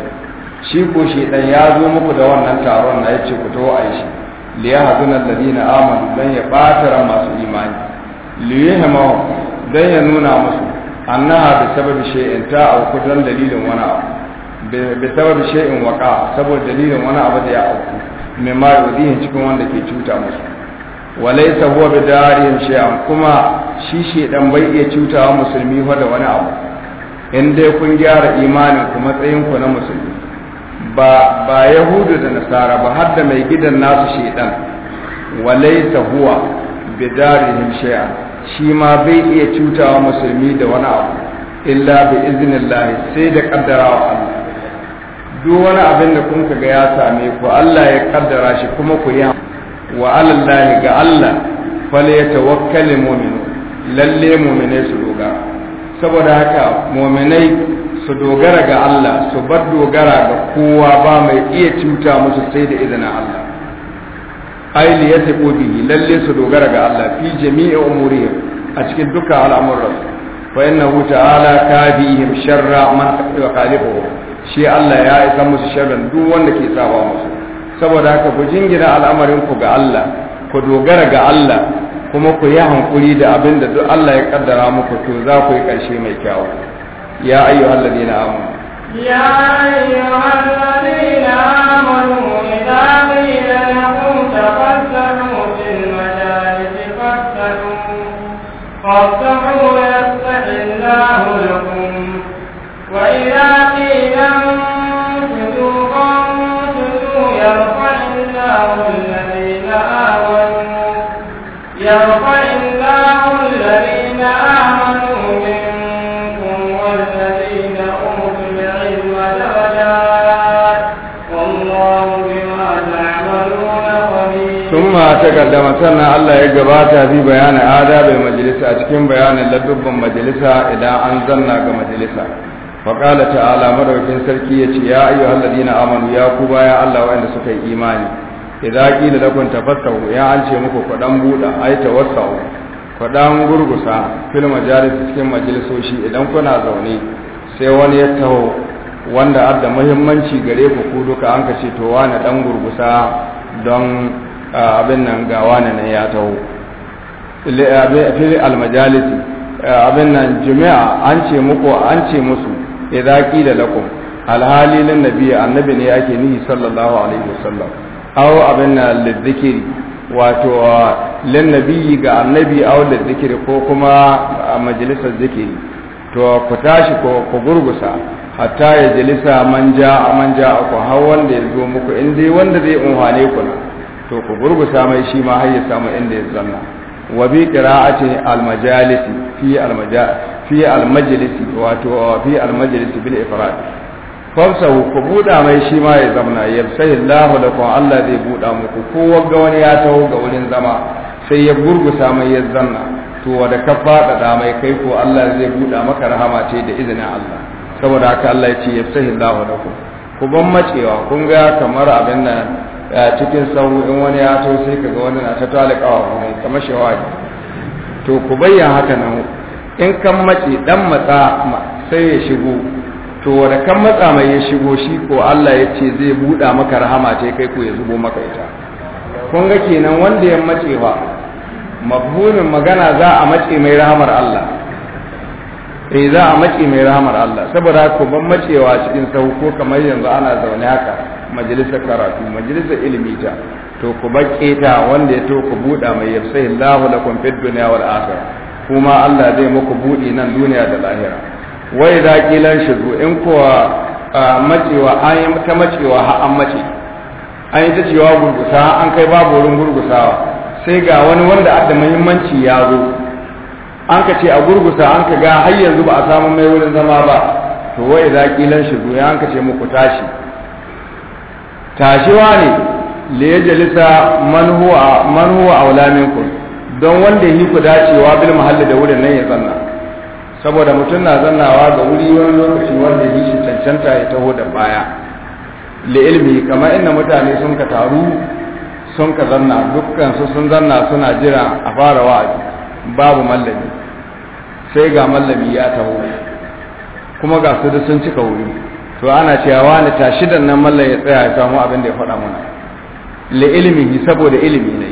shi ko shaidan ya zo muku da wannan taron na yace ku to a shi hazunan yahzuna na amanu don ya ran masu imani li yahma don ya nuna musu annaha bi sababi shay'in ta au don dalilin wani abu bi sababi shay'in waqa saboda dalilin wani abu da ya auku mai ma yudihin cikin wanda ke cuta musu walaysa huwa bi darihim shay'an kuma shi shi shedan bai iya cutawa musulmi fa wani abu in dai kun gyara imanin ku matsayin ku na musulmi ba yahudu da nasara ba har da mai gidan nasu shedan walaita huwa bidarihim shay'a shi ma bai iya cutawa musulmi da wani abu illa bi iznillah sai da wa Allah duk wani abin da kun ga ya same ku Allah ya kaddara shi kuma ku yi wa alallahi ga Allah fal yatawakkalul mu'minu lalle mu'mine su doga saboda haka mu'minai su dogara ga Allah su bar dogara ga kowa ba mai iya cuta musu sai da izinin Allah ai li yatqu bihi lalle su dogara ga Allah fi jami'i umuri a cikin dukkan al'amuran fa innahu ta'ala ka bihim sharra man yuqalibuhu shi Allah ya isa musu sharran duk wanda ke sawa musu saboda haka ku jingina al'amarin ku ga Allah ku dogara ga Allah kuma ku yi hankuri da abinda duk Allah ya kaddara muku to za ku yi ƙarshe mai kyau. يا أيها الذين آمنوا يا أيها الذين آمنوا إذا قيل لكم تفسحوا في المجالس فافسحوا فافسحوا يفسح الله لكم وإذا قيل انشدوا فانشدوا يرفع الله الذين آمنوا يرفع ma takaddama sannan Allah ya gabata fi bayanin adabai majalisa a cikin bayanin ladubban majalisa idan an zanna ga majalisa faƙala ta'ala madaukin sarki ya ce ya ayyu halladina amanu ya ku baya Allah waɗanda suka yi imani idza qila lakum tafassahu ya an ce muku kwadan buda ay tawassahu kwadan gurgusa fil majalis cikin majalisoshi idan kuna zaune sai wani ya taho wanda adda muhimmanci gare ku ku duka an ka to wani dan gurgusa don abin nan ga wani nan ya taho fili almajalisi abin nan jami'a an ce muku an ce musu ya zaƙi da lakon alhali na nabi annabi ne yake nihi sallallahu alaihi wasallam Au abin nan lidzikri wato lin nabi ga annabi au lidzikri ko kuma majalisar zikiri to ku tashi ku gurgusa hatta ya jalisa man a manja ja'a ku har wanda ya zo muku in dai wanda zai umhane ku na to ku gurgusa mai shi ma har ya samu inda ya zanna wa bi qira'ati al-majalisi fi fi al-majlisi wato fi al-majlisi bil ifrad famsahu ku buda mai shi ma ya zamna Allah da ku Allah zai buda muku ko ga wani ya taho ga wurin zama sai ya gurgusa mai ya zanna to wanda ka fada da mai kai ko Allah zai buda maka rahama ce da izinin Allah saboda haka Allah ya ce ya Allah da ku ku ban macewa kun ga kamar abin nan cikin sahu in wani ya to sai kaga wani na ta talakawa kuma kamar shawagi to ku bayyana haka nan in kan mace dan matsa sai ya shigo to wanda kan matsa mai ya shigo shi ko Allah ya ce zai buɗa maka rahama ta kai ko ya zubo maka ita kun ga kenan wanda ya mace ba mafhumin magana za a mace mai rahamar Allah eh za a mace mai rahamar Allah saboda ku ban macewa cikin sahu ko kamar yanzu ana zaune haka majalisar karatu majalisar ilimi ta to ku bakke ta wanda ya to ku buɗa mai yafsahi Allahu kun fid dunya wal akhirah kuma Allah zai muku buɗi nan duniya da lahira wa idza qila shigo, in ko macewa an yi ta macewa ha an mace an yi ta cewa gurgusa an kai babu wurin gurgusawa sai ga wani wanda da muhimmanci ya zo an ka ce a gurgusa an ka ga har yanzu ba a samu mai wurin zama ba to wai za kilan shigo ya an ka ce muku tashi tashiwa ne le ya jalisa man huwa man don wanda yi ku dacewa bil mahalli da wurin nan ya zanna saboda mutum na zannawa ga wuri wani lokaci wanda yi shi cancanta ya taho da baya li ilmi kamar inda mutane sun ka taru sun ka zanna dukkan su sun zanna suna jira a fara wa babu mallami sai ga mallami ya taho kuma ga su da sun cika wuri to ana cewa wani tashi da nan mallan ya tsaya ya samu abin da ya faɗa mana li ilmihi saboda ilimi ne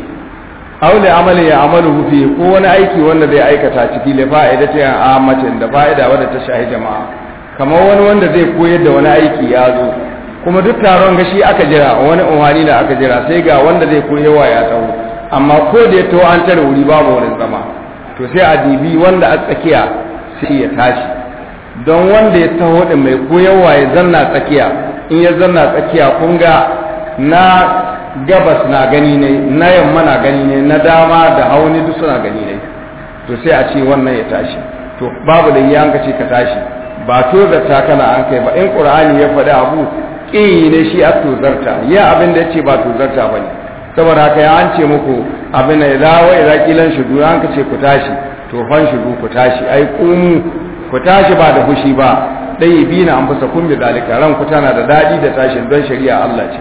aw li amali ya amalu fi ko wani aiki wanda zai aikata ciki li fa'ida ta mace da fa'ida wadda ta shahi jama'a kamar wani wanda zai koyar da wani aiki ya zo kuma duk taron gashi aka jira wani umarni da aka jira sai ga wanda zai koyar wa ya tsawo amma ko da ya tawo an tare wuri babu wani zama to sai a dibi wanda a tsakiya sai ya tashi don wanda ya taho da mai koyarwa ya zanna tsakiya in ya zanna tsakiya kun ga na gabas na gani ne na yamma na gani ne na dama da hauni duk suna gani ne to sai a ce wannan ya tashi to babu da ka ce ka tashi ba to zarta kana an kai ba in qur'ani ya faɗi abu ƙi ne shi a to zarta ya abin da ya ce ba to zarta bane saboda haka ya an ce muku abin da ya dawo ya kilan shudu an ka ce ku tashi to fan shudu ku tashi ai kumu ku tashi ba da fushi ba dai bi na an fasa kun bi zalika ran ku tana da dadi da tashin don shari'a Allah ce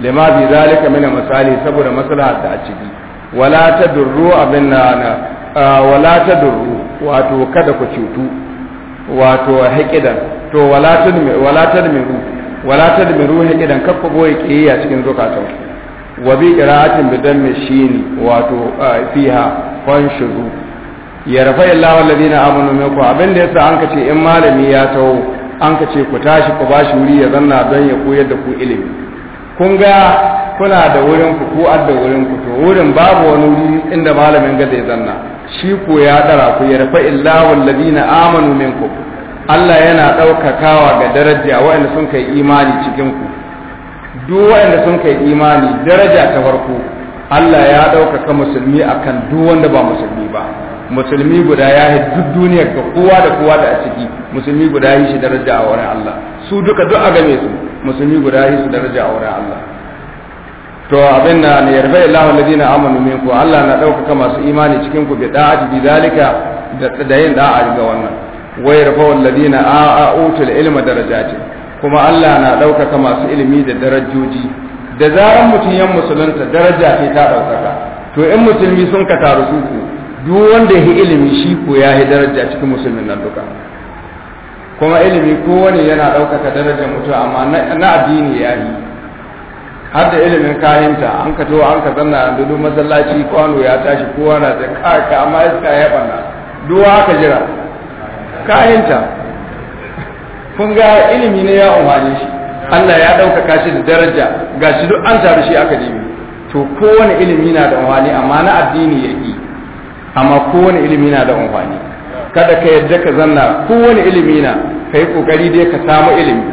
lima bi zalika mina misali saboda maslaha da a ciki wala tadurru abin na wala tadurru wato kada ku cutu wato haƙidan to wala tadmiru wala tadmiru wala tadmiru haƙidan kafa boye kiyaya cikin zukatan wa bi qira'atin bidan shini wato fiha shuru ya rafa illahu ladina amanu minku abin da yasa an kace in malami ya taho an kace ku tashi ku bashi wuri ya zanna don ya koyar da ku ilimi kun ga kuna da wurin ku ko adda wurin ku to wurin babu wani wuri inda malamin ga zai zanna shi ko ya dara ku ya rafa illahu ladina amanu minku Allah yana ɗaukakawa ga daraja wa'anda sun kai imani cikin ku duk wa'anda sun kai imani daraja ta farko Allah ya ɗaukaka musulmi akan duk wanda ba musulmi ba musulmi guda ya yi duk duniyar ga kowa da kowa da a ciki musulmi guda ya yi shi daraja a wurin Allah su duka duk a game su musulmi guda ya yi su daraja a wurin Allah to abin na ne yarfa illahu alladhina amanu minku Allah na ɗaukaka masu imani cikin ku bi da'ati bi zalika da yin da'a ga wannan wa yarfa alladhina a'utul ilma darajati kuma Allah na ɗaukaka masu ilimi da darajoji da zaran mutum yan musulunta daraja ce ta ɗaukaka to in musulmi sun ka taru su duk wanda ya ilimi shi ko ya yi daraja cikin musulmin nan duka kuma ilimi kowane yana ɗaukaka darajar mutum amma na addini ya yi har da ilimin kayanta an ka to an ka zanna a dudu masallaci kwano ya tashi kowa na da kaka amma iska ya banna duwa haka jira kayanta kun ga ilimi ne ya umarni shi Allah ya ɗaukaka shi da daraja ga shi duk an taru shi aka dimi to kowane ilimi na da umarni amma na addini yake amma kowane ilimi na da amfani kada ka yadda ka zanna kowane ilimi na ka yi kokari dai ka samu ilimi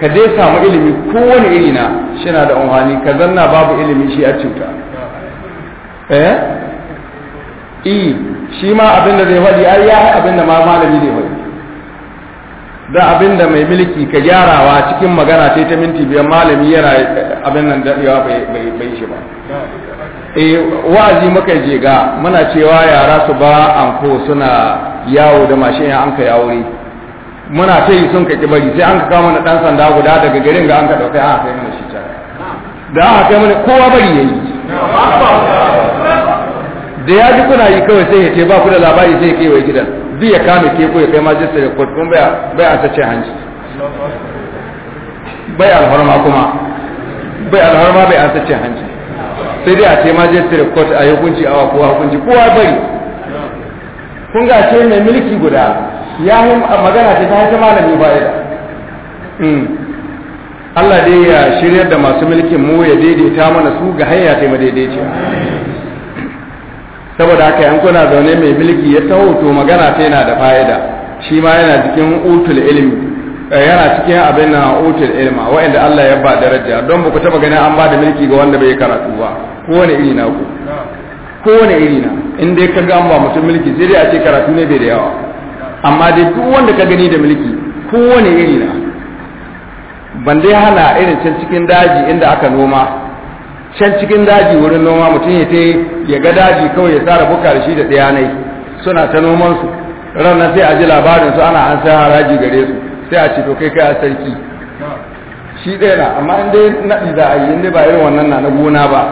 ka dai samu ilimi kowane iri na shi na da amfani ka zanna babu ilimi shi a cuta eh i e, shi ma abinda zai faɗi ai ya abinda ma malami zai faɗi da abinda mai mulki ka gyarawa cikin magana ta minti biyar malami yana eh, abin nan bai bai shi ba eh wa'azi muka je ga muna cewa yara su ba anko suna yawo da mashin ya anka ka yawuri muna sai sun ka bari sai an ka kama na dan sanda guda daga garin ga an ka dauka an ah, kai mana shi ta da aka kai mana kowa bari yayi da ya ji kuna yi kawai sai ya ce ba ku da labari sai ke kewaye gidan duk ya kame ke ko ya kai majalisar ya kotu kuma bai an sace hanci bai alhorma kuma bai alhorma bai an sace hanci sai dai a ce magistrate court a hukunci awa ko hukunci kowa bari kun ga ce mai mulki guda ya yi magana ce ta haka malami fa'ida hmm. Allah dai ya shiryar da masu mulkin mu ya daidaita mana su ga hanya ta mu daidaici saboda haka yan kuna zaune mai mulki ya taho to magana ta yana da fa'ida shi ma yana cikin utul ilmi Eh, yana cikin abin na otel ilma wa'inda Allah ya ba daraja don ba ku taba ganin an ba da mulki ga wanda bai karatu ba kowane iri na ku kowane iri na in dai ka ga ba mutum mulki sai dai a ce karatu ne bai da yawa amma dai duk wanda ka gani da mulki kowane iri na ban dai hana irin can cikin daji inda aka noma can cikin daji wurin noma mutum ya ta ya ga daji kawai ya tsara buka da shi da ɗayanai suna ta noman su ranar sai a ji labarin su ana an sai haraji gare su sai a ce to kai kai a sarki shi ɗaya na amma in dai naɗi za a yi in ba irin wannan na na gona ba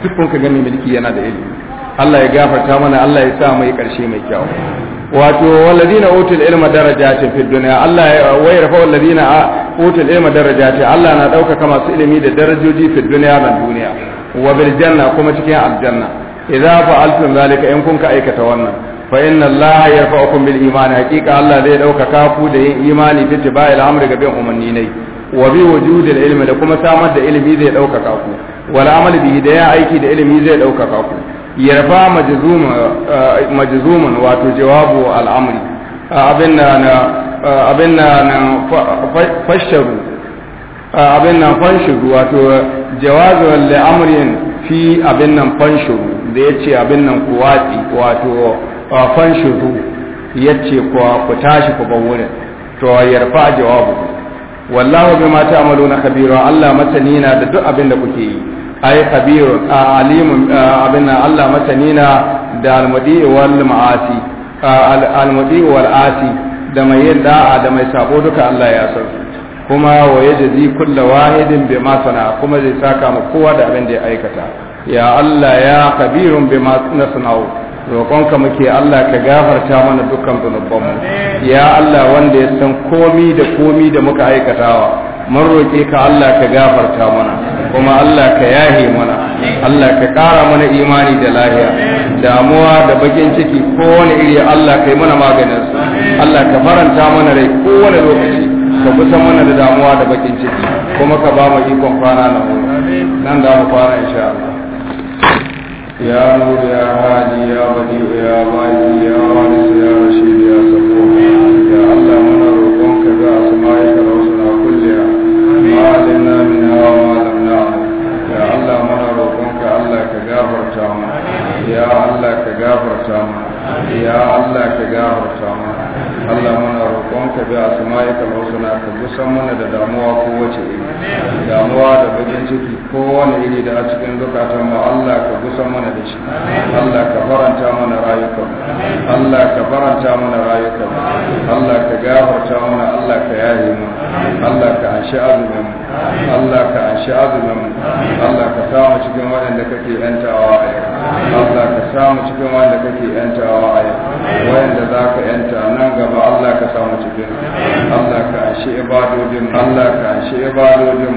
duk kun ka gani mulki yana da ilimi Allah ya gafarta mana Allah ya sa mai ƙarshe mai kyau wato walladina utul ilma darajatin fid dunya Allah wa yarfa walladina utul ilma darajatin Allah na ɗaukaka masu ilimi da darajoji fid dunya da duniya wa bil janna kuma cikin aljanna idza fa'altum zalika in kun ka aikata wannan fa inna allaha yarfa'ukum bil imani haqiqa allah zai ɗaukaka ku da yin imani bi tibai al'amri ga bin umanni ne wa bi wujudil ilmi da kuma samar da ilimi zai ɗaukaka ku wal amal bihi da ya aiki da ilimi zai ɗaukaka ku yarfa majzuman eh, wato jawabu al'amri eh, abin na eh, abin na fasharu abin na fanshuru wato jawazin la'amrin fi abin nan fanshuru da ya ce abin nan kuwati wato fan shudu yace ku ku tashi ku ban wurin to yarfa jawabu wallahu bima ta'maluna khabira Allah masani na da duk abin da kuke yi ay khabirun alimun abin Allah masani na da almudi wal ma'asi almudi wal asi da mai yin da'a da mai sabo duka Allah ya san kuma wa yajzi kullu wahidin bima sana kuma zai saka mu kowa da abin da ya aikata ya Allah ya khabirun bima nasna'u roƙonka muke Allah ka gafarta mana dukkan zunubanmu ya Allah wanda ya san komi da komi da muka aikatawa mun roƙe ka Allah ka gafarta mana kuma Allah ka yahe mana Allah ka ƙara mana imani da lahiya damuwa da bakin ciki kowane iri Allah ka yi mana maganin Allah ka faranta mana rai kowane lokaci ka kusa mana da damuwa da bakin ciki kuma ka ba mu ikon kwana na nan da mu kwana insha Allah يا نور يا هادي يا بديع يا بادي يا وارث يا رشيد يا صبور يا الله منا روحك بأسمائك الحسنى كلها ما علمنا منها وما لم نعلم يا الله منا روحك الله كجافر تامر يا الله كجافر تامر ya Allah ka gafarta mana Allah muna roƙonka bi asma'ikal husna ka gusan mana da damuwa ko wace iri damuwa da bakin ciki ko wani iri da a cikin zukatan mu Allah ka gusan mana da shi Allah ka faranta mana rayukan Allah ka faranta mana rayukan Allah ka gafarta mana Allah ka yaye mu Allah ka anshi azumin mu Allah ka anshi azumin mu Allah ka samu cikin waɗanda kake yantawa Allah ka samu cikin waɗanda kake yantawa yantawa a yau wayanda za ka yanta nan gaba Allah ka samu cikin Allah ka shi ibadodin Allah ka shi ibadodin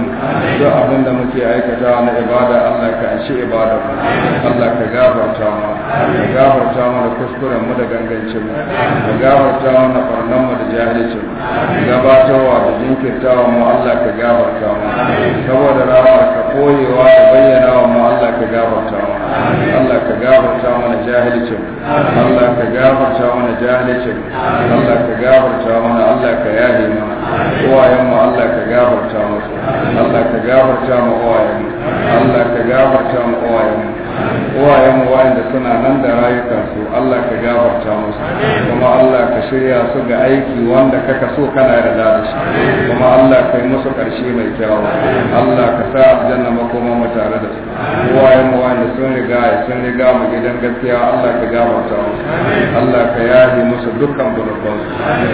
duk abin da muke aikata na ibada Allah ka shi ibada mu Allah ka gafarta mu ka gafarta mu da kuskuren mu da gangancin mu ka gafarta mu da farnan mu da jahilcin mu gabatarwa da jinkirtawa mu Allah ka gafarta mu saboda rawa ka koyewa da bayyana wa mu Allah ka gafarta mu Allah ka gafarta mana jahilcin Allah ka gafarta mana jahilcin Allah ka gafarta mana Allah ka yahe mana uwayen mu Allah ka gafarta musu Allah ka gafarta mu uwayen Allah ka gafarta mu uwayen uwayen wa'anda suna nan da rayukansu Allah ka gafarta musu kuma Allah ka shirya su ga aiki wanda kaka so kana yarda da shi kuma Allah ka yi musu ƙarshe mai kyau Allah ka sa aljanna makoma mu tare da su uwayen wa'anda sun riga sun riga mu gidan gaskiya Allah ka gafarta musu Allah ka yahi musu dukkan zunubansu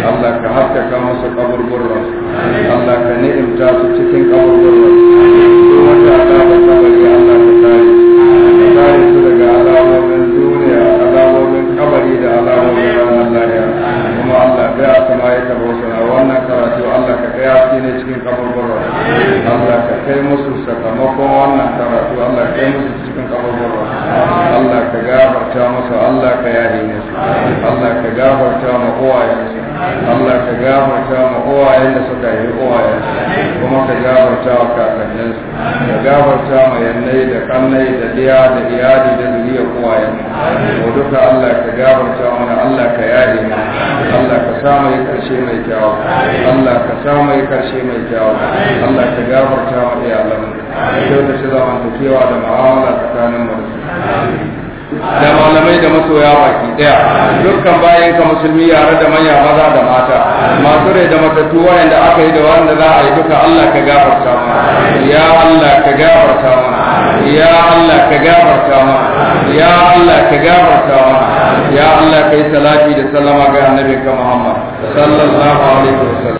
Allah ka haskaka musu kaburburan Allah ka ni'imta su cikin kaburburan su wata ta ba Allah ka kare da alamomin ranar lahira kuma Allah ga kama ya taba wasu wannan karatu Allah ka kai haske ne cikin kaburburwa Allah ka kai musu sakamakon wannan karatu Allah ka kai musu cikin kaburburwa Allah ka gafarta musu Allah ka yahi ne su Allah ka gafarta ma uwayen su Allah ka gafarta ma uwayen da suka yi uwayen kuma ka gafarta wa kakannin su ka gafarta ma yannai da kannai da diya da iyali da zuriya uwayen mu duka Allah ka gafarta mana Allah ka yahi mu Allah ka samu yi ƙarshe mai kyawu Allah ka sa mai karshe mai kyawu Allah ka gafarta mu iyalan kyau da shi kewa da mu'amala tsakanin mu da malamai da masoya baki daya dukkan bayan ka musulmi yare da manya maza da mata masu rai da matattu wayanda aka yi da wanda za a yi duka Allah ka gafarta mu ya Allah ka gafarta mu ya Allah ka gafarta mu ya Allah ka gafarta mu ya Allah kai salati da salama ga annabinka Muhammad sallallahu alaihi wasallam